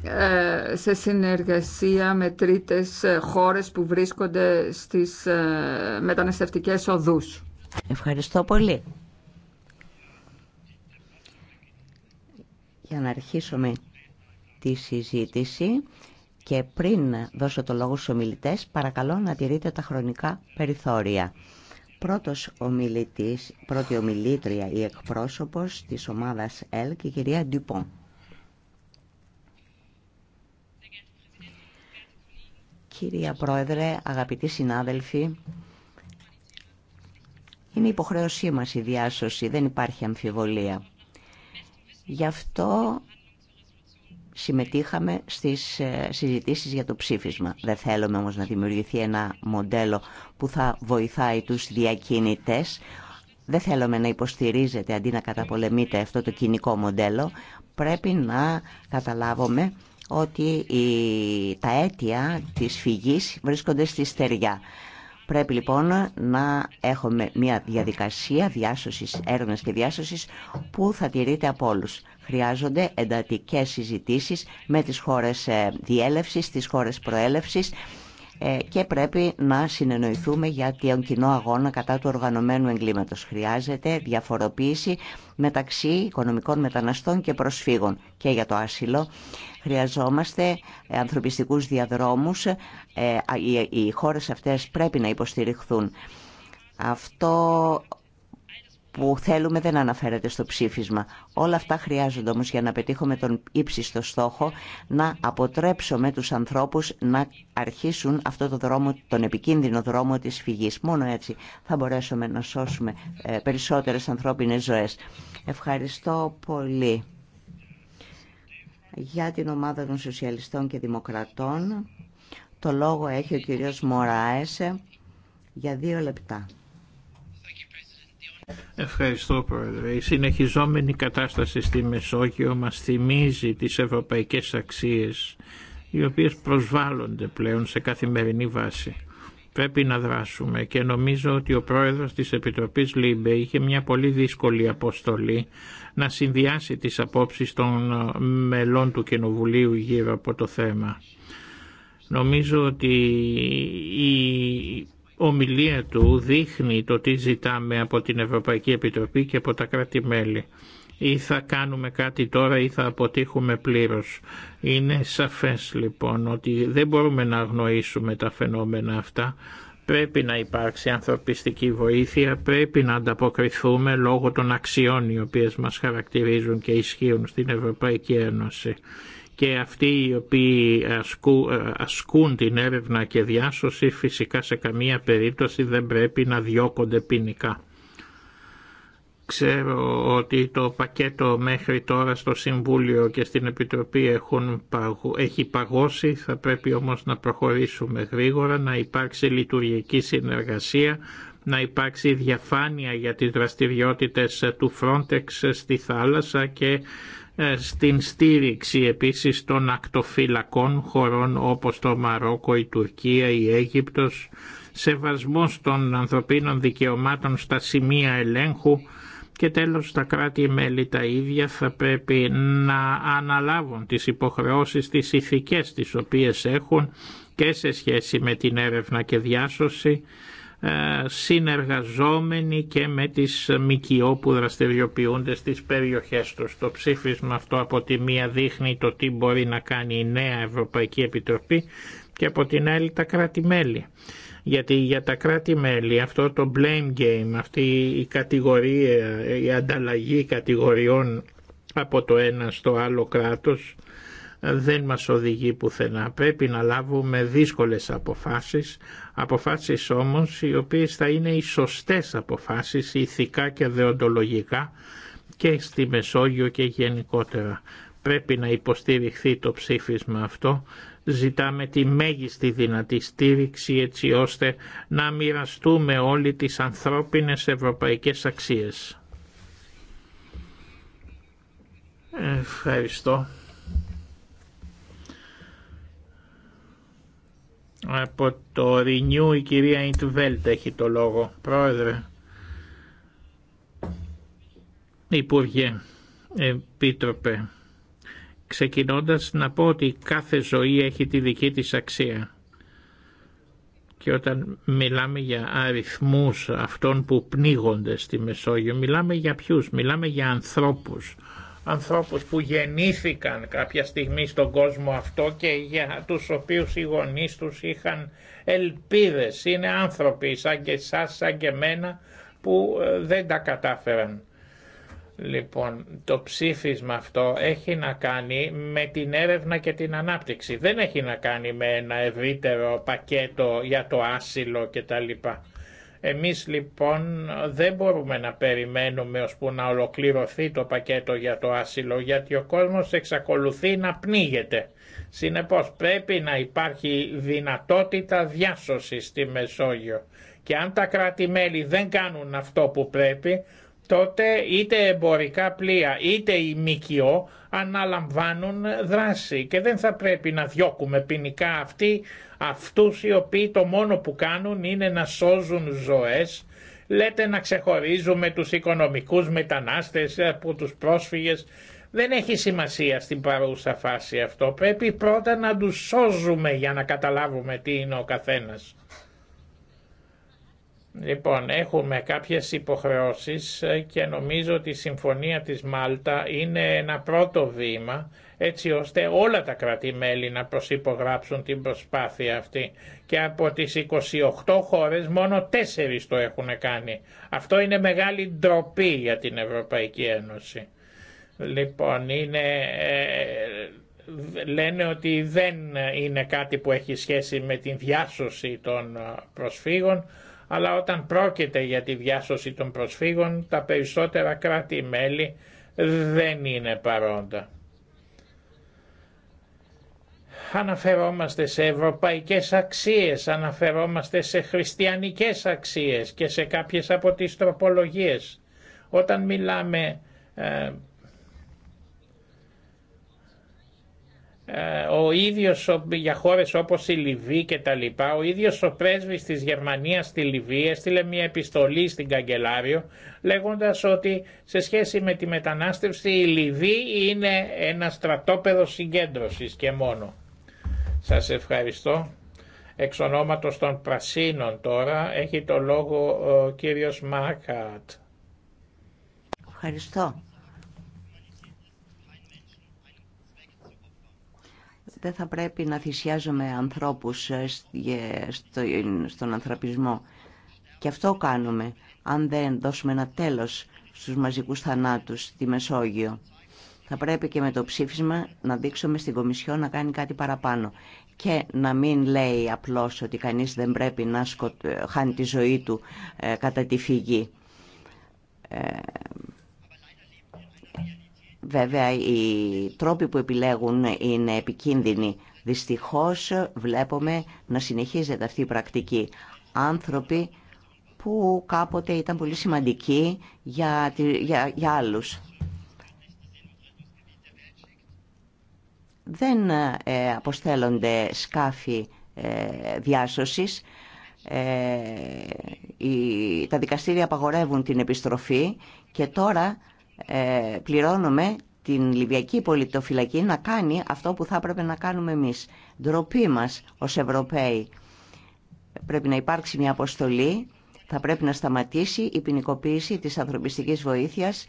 ε, σε συνεργασία με τρίτες ε, χώρες που βρίσκονται στις ε, μεταναστευτικές οδούς. Ευχαριστώ πολύ. Για να αρχίσουμε τη συζήτηση και πριν δώσω το λόγο στους ομιλητές, παρακαλώ να τηρείτε τα χρονικά περιθώρια. Πρώτος ομιλητής, πρώτη ομιλήτρια ή εκπρόσωπος της ομάδας ΕΛ και η κυρία Ντυπον. Κυρία Πρόεδρε, αγαπητοί συνάδελφοι, είναι υποχρέωσή μας η διάσωση, δεν υπάρχει αμφιβολία. Γι' αυτό συμμετείχαμε στις ε, συζητήσεις για το ψήφισμα. Δεν θέλουμε όμως να δημιουργηθεί ένα μοντέλο που θα βοηθάει τους διακίνητες. Δεν θέλουμε να υποστηρίζεται αντί να καταπολεμείται αυτό το κοινικό μοντέλο. Πρέπει να καταλάβουμε ότι η, τα αίτια της φυγής βρίσκονται στη στεριά. Πρέπει λοιπόν να έχουμε μια διαδικασία διάσωσης, έρευνας και διάσωσης που θα τηρείται από όλους. Χρειάζονται εντατικές συζητήσεις με τις χώρες ε, διέλευσης, τις χώρες προέλευσης ε, και πρέπει να συνεννοηθούμε για τον κοινό αγώνα κατά του οργανωμένου εγκλήματος. Χρειάζεται διαφοροποίηση μεταξύ οικονομικών μεταναστών και προσφύγων και για το άσυλο Χρειαζόμαστε ανθρωπιστικούς διαδρόμους. Ε, οι χώρες αυτές πρέπει να υποστηριχθούν. Αυτό που θέλουμε δεν αναφέρεται στο ψήφισμα. Όλα αυτά χρειάζονται όμως για να πετύχουμε τον ύψιστο στόχο να αποτρέψουμε τους ανθρώπους να αρχίσουν αυτό το δρόμο, τον επικίνδυνο δρόμο της φυγής. Μόνο έτσι θα μπορέσουμε να σώσουμε ε, περισσότερες ανθρώπινες ζωές. Ευχαριστώ πολύ. Για την ομάδα των Σοσιαλιστών και Δημοκρατών, το λόγο έχει ο κύριος Μωράεσε για δύο λεπτά. Ευχαριστώ Πρόεδρε. Η συνεχιζόμενη κατάσταση στη Μεσόγειο μας θυμίζει τις ευρωπαϊκές αξίες οι οποίες προσβάλλονται πλέον σε καθημερινή βάση. Πρέπει να δράσουμε και νομίζω ότι ο πρόεδρος της Επιτροπής Λίμπε είχε μια πολύ δύσκολη αποστολή να συνδυάσει τις απόψεις των ε, μελών του Κοινοβουλίου γύρω από το θέμα. Νομίζω ότι η ομιλία του δείχνει το τι ζητάμε από την Ευρωπαϊκή Επιτροπή και από τα κράτη-μέλη ή θα κάνουμε κάτι τώρα ή θα αποτύχουμε πλήρως. Είναι σαφές λοιπόν ότι δεν μπορούμε να αγνοήσουμε τα φαινόμενα αυτά. Πρέπει να υπάρξει ανθρωπιστική βοήθεια, πρέπει να ανταποκριθούμε λόγω των αξιών οι οποίες μας χαρακτηρίζουν και ισχύουν στην Ευρωπαϊκή Ένωση και αυτοί οι οποίοι ασκού, ασκούν την έρευνα και διάσωση φυσικά σε καμία περίπτωση δεν πρέπει να διώκονται ποινικά. Ξέρω ότι το πακέτο μέχρι τώρα στο Συμβούλιο και στην Επιτροπή έχουν, έχει παγώσει, θα πρέπει όμως να προχωρήσουμε γρήγορα, να υπάρξει λειτουργική συνεργασία, να υπάρξει διαφάνεια για τις δραστηριότητες του Frontex στη θάλασσα και ε, στην στήριξη επίσης των ακτοφυλακών χωρών όπως το Μαρόκο, η Τουρκία, η Αίγυπτος, σεβασμός των ανθρωπίνων δικαιωμάτων στα σημεία ελέγχου και τέλος τα κράτη-μέλη τα ίδια θα πρέπει να αναλάβουν τις υποχρεώσεις τις ηθικές τις οποίες έχουν και σε σχέση με την έρευνα και διάσωση ε, συνεργαζόμενοι και με τις ΜΚΟ που δραστηριοποιούνται στις περιοχές τους. Το ψήφισμα αυτό από τη μία δείχνει το τι μπορεί να κάνει η νέα Ευρωπαϊκή Επιτροπή και από την άλλη τα κράτη-μέλη γιατί για τα κράτη-μέλη αυτό το blame game, αυτή η κατηγορία, η ανταλλαγή κατηγοριών από το ένα στο άλλο κράτος δεν μας οδηγεί πουθενά. Πρέπει να λάβουμε δύσκολες αποφάσεις, αποφάσεις όμως οι οποίες θα είναι οι σωστές αποφάσεις ηθικά και δεοντολογικά και στη Μεσόγειο και γενικότερα. Πρέπει να υποστηριχθεί το ψήφισμα αυτό Ζητάμε τη μέγιστη δυνατή στήριξη έτσι ώστε να μοιραστούμε όλοι τις ανθρώπινες ευρωπαϊκές αξίες. Ευχαριστώ. Από το Ρηνιού η κυρία Ιντβέλτ έχει το λόγο. Πρόεδρε, Υπουργέ, Επίτροπε, ξεκινώντας να πω ότι κάθε ζωή έχει τη δική της αξία. Και όταν μιλάμε για αριθμούς αυτών που πνίγονται στη Μεσόγειο, μιλάμε για ποιους, μιλάμε για ανθρώπους. Ανθρώπους που γεννήθηκαν κάποια στιγμή στον κόσμο αυτό και για τους οποίους οι γονείς τους είχαν ελπίδες. Είναι άνθρωποι σαν και εσάς, σαν και εμένα που ε, δεν τα κατάφεραν. Λοιπόν, το ψήφισμα αυτό έχει να κάνει με την έρευνα και την ανάπτυξη. Δεν έχει να κάνει με ένα ευρύτερο πακέτο για το άσυλο κτλ. Εμείς λοιπόν δεν μπορούμε να περιμένουμε ώσπου να ολοκληρωθεί το πακέτο για το άσυλο γιατί ο κόσμος εξακολουθεί να πνίγεται. Συνεπώς πρέπει να υπάρχει δυνατότητα διάσωσης στη Μεσόγειο. Και αν τα κράτη-μέλη δεν κάνουν αυτό που πρέπει, τότε είτε εμπορικά πλοία είτε η ΜΚΟ αναλαμβάνουν δράση και δεν θα πρέπει να διώκουμε ποινικά αυτοί, αυτούς οι οποίοι το μόνο που κάνουν είναι να σώζουν ζωές λέτε να ξεχωρίζουμε τους οικονομικούς μετανάστες από ε, τους πρόσφυγες δεν έχει σημασία στην παρούσα φάση αυτό πρέπει πρώτα να τους σώζουμε για να καταλάβουμε τι είναι ο καθένας Λοιπόν, έχουμε κάποιες υποχρεώσεις ε, και νομίζω ότι η Συμφωνία της Μάλτα είναι ένα πρώτο βήμα έτσι ώστε όλα τα κρατημέλη να προσυπογράψουν την προσπάθεια αυτή και από τις 28 χώρες μόνο 4 το έχουν κάνει. Αυτό είναι μεγάλη ντροπή για την Ευρωπαϊκή Ένωση. Λοιπόν, είναι, ε, λένε ότι δεν είναι κάτι που έχει σχέση με την διάσωση των ε, προσφύγων αλλά όταν πρόκειται για τη διάσωση των προσφύγων τα περισσότερα κράτη-μέλη δεν είναι παρόντα. Αναφερόμαστε σε ευρωπαϊκές αξίες, αναφερόμαστε σε χριστιανικές αξίες και σε κάποιες από τις τροπολογίες. Όταν μιλάμε ε, Ε, ο ίδιος για χώρες όπως η Λιβύη και τα λοιπά, ο ίδιος ο πρέσβης της Γερμανίας στη Λιβύη έστειλε μια επιστολή στην Καγκελάριο λέγοντας ότι σε σχέση με τη μετανάστευση η Λιβύη είναι ένα στρατόπεδο συγκέντρωσης και μόνο. Σας ευχαριστώ. Εξ ονόματος των Πρασίνων τώρα έχει το λόγο ο κύριος Μάκατ. Ευχαριστώ. δεν θα πρέπει να θυσιάζουμε ανθρώπους ε, στον ανθρωπισμό. Και αυτό κάνουμε, αν δεν δώσουμε ένα τέλος στους μαζικούς θανάτους στη Μεσόγειο. Θα πρέπει και με το ψήφισμα να δείξουμε στην Κομισιό να κάνει κάτι παραπάνω και να μην λέει απλώς ότι κανείς δεν πρέπει να χάνει τη ζωή του ε, κατά τη φυγή. Ε, Βέβαια οι τρόποι που επιλέγουν είναι επικίνδυνοι. Δυστυχώς βλέπουμε να συνεχίζεται αυτή η πρακτική. Άνθρωποι που κάποτε ήταν πολύ σημαντικοί για, για, για άλλους. Δεν ε, αποστέλλονται σκάφη ε, διάσωσης. Ε, οι, τα δικαστήρια απαγορεύουν την επιστροφή και τώρα ε, πληρώνουμε την Λιβιακή πολιτοφυλακή να κάνει αυτό που θα έπρεπε να κάνουμε εμείς. Ντροπή μας ως Ευρωπαίοι. Πρέπει να υπάρξει μια αποστολή, θα πρέπει να σταματήσει η ποινικοποίηση της ανθρωπιστικής βοήθειας,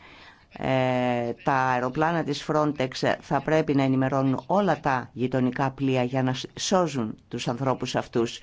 ε, τα αεροπλάνα της Frontex θα πρέπει να ενημερώνουν όλα τα γειτονικά πλοία για να σώζουν τους ανθρώπους αυτούς.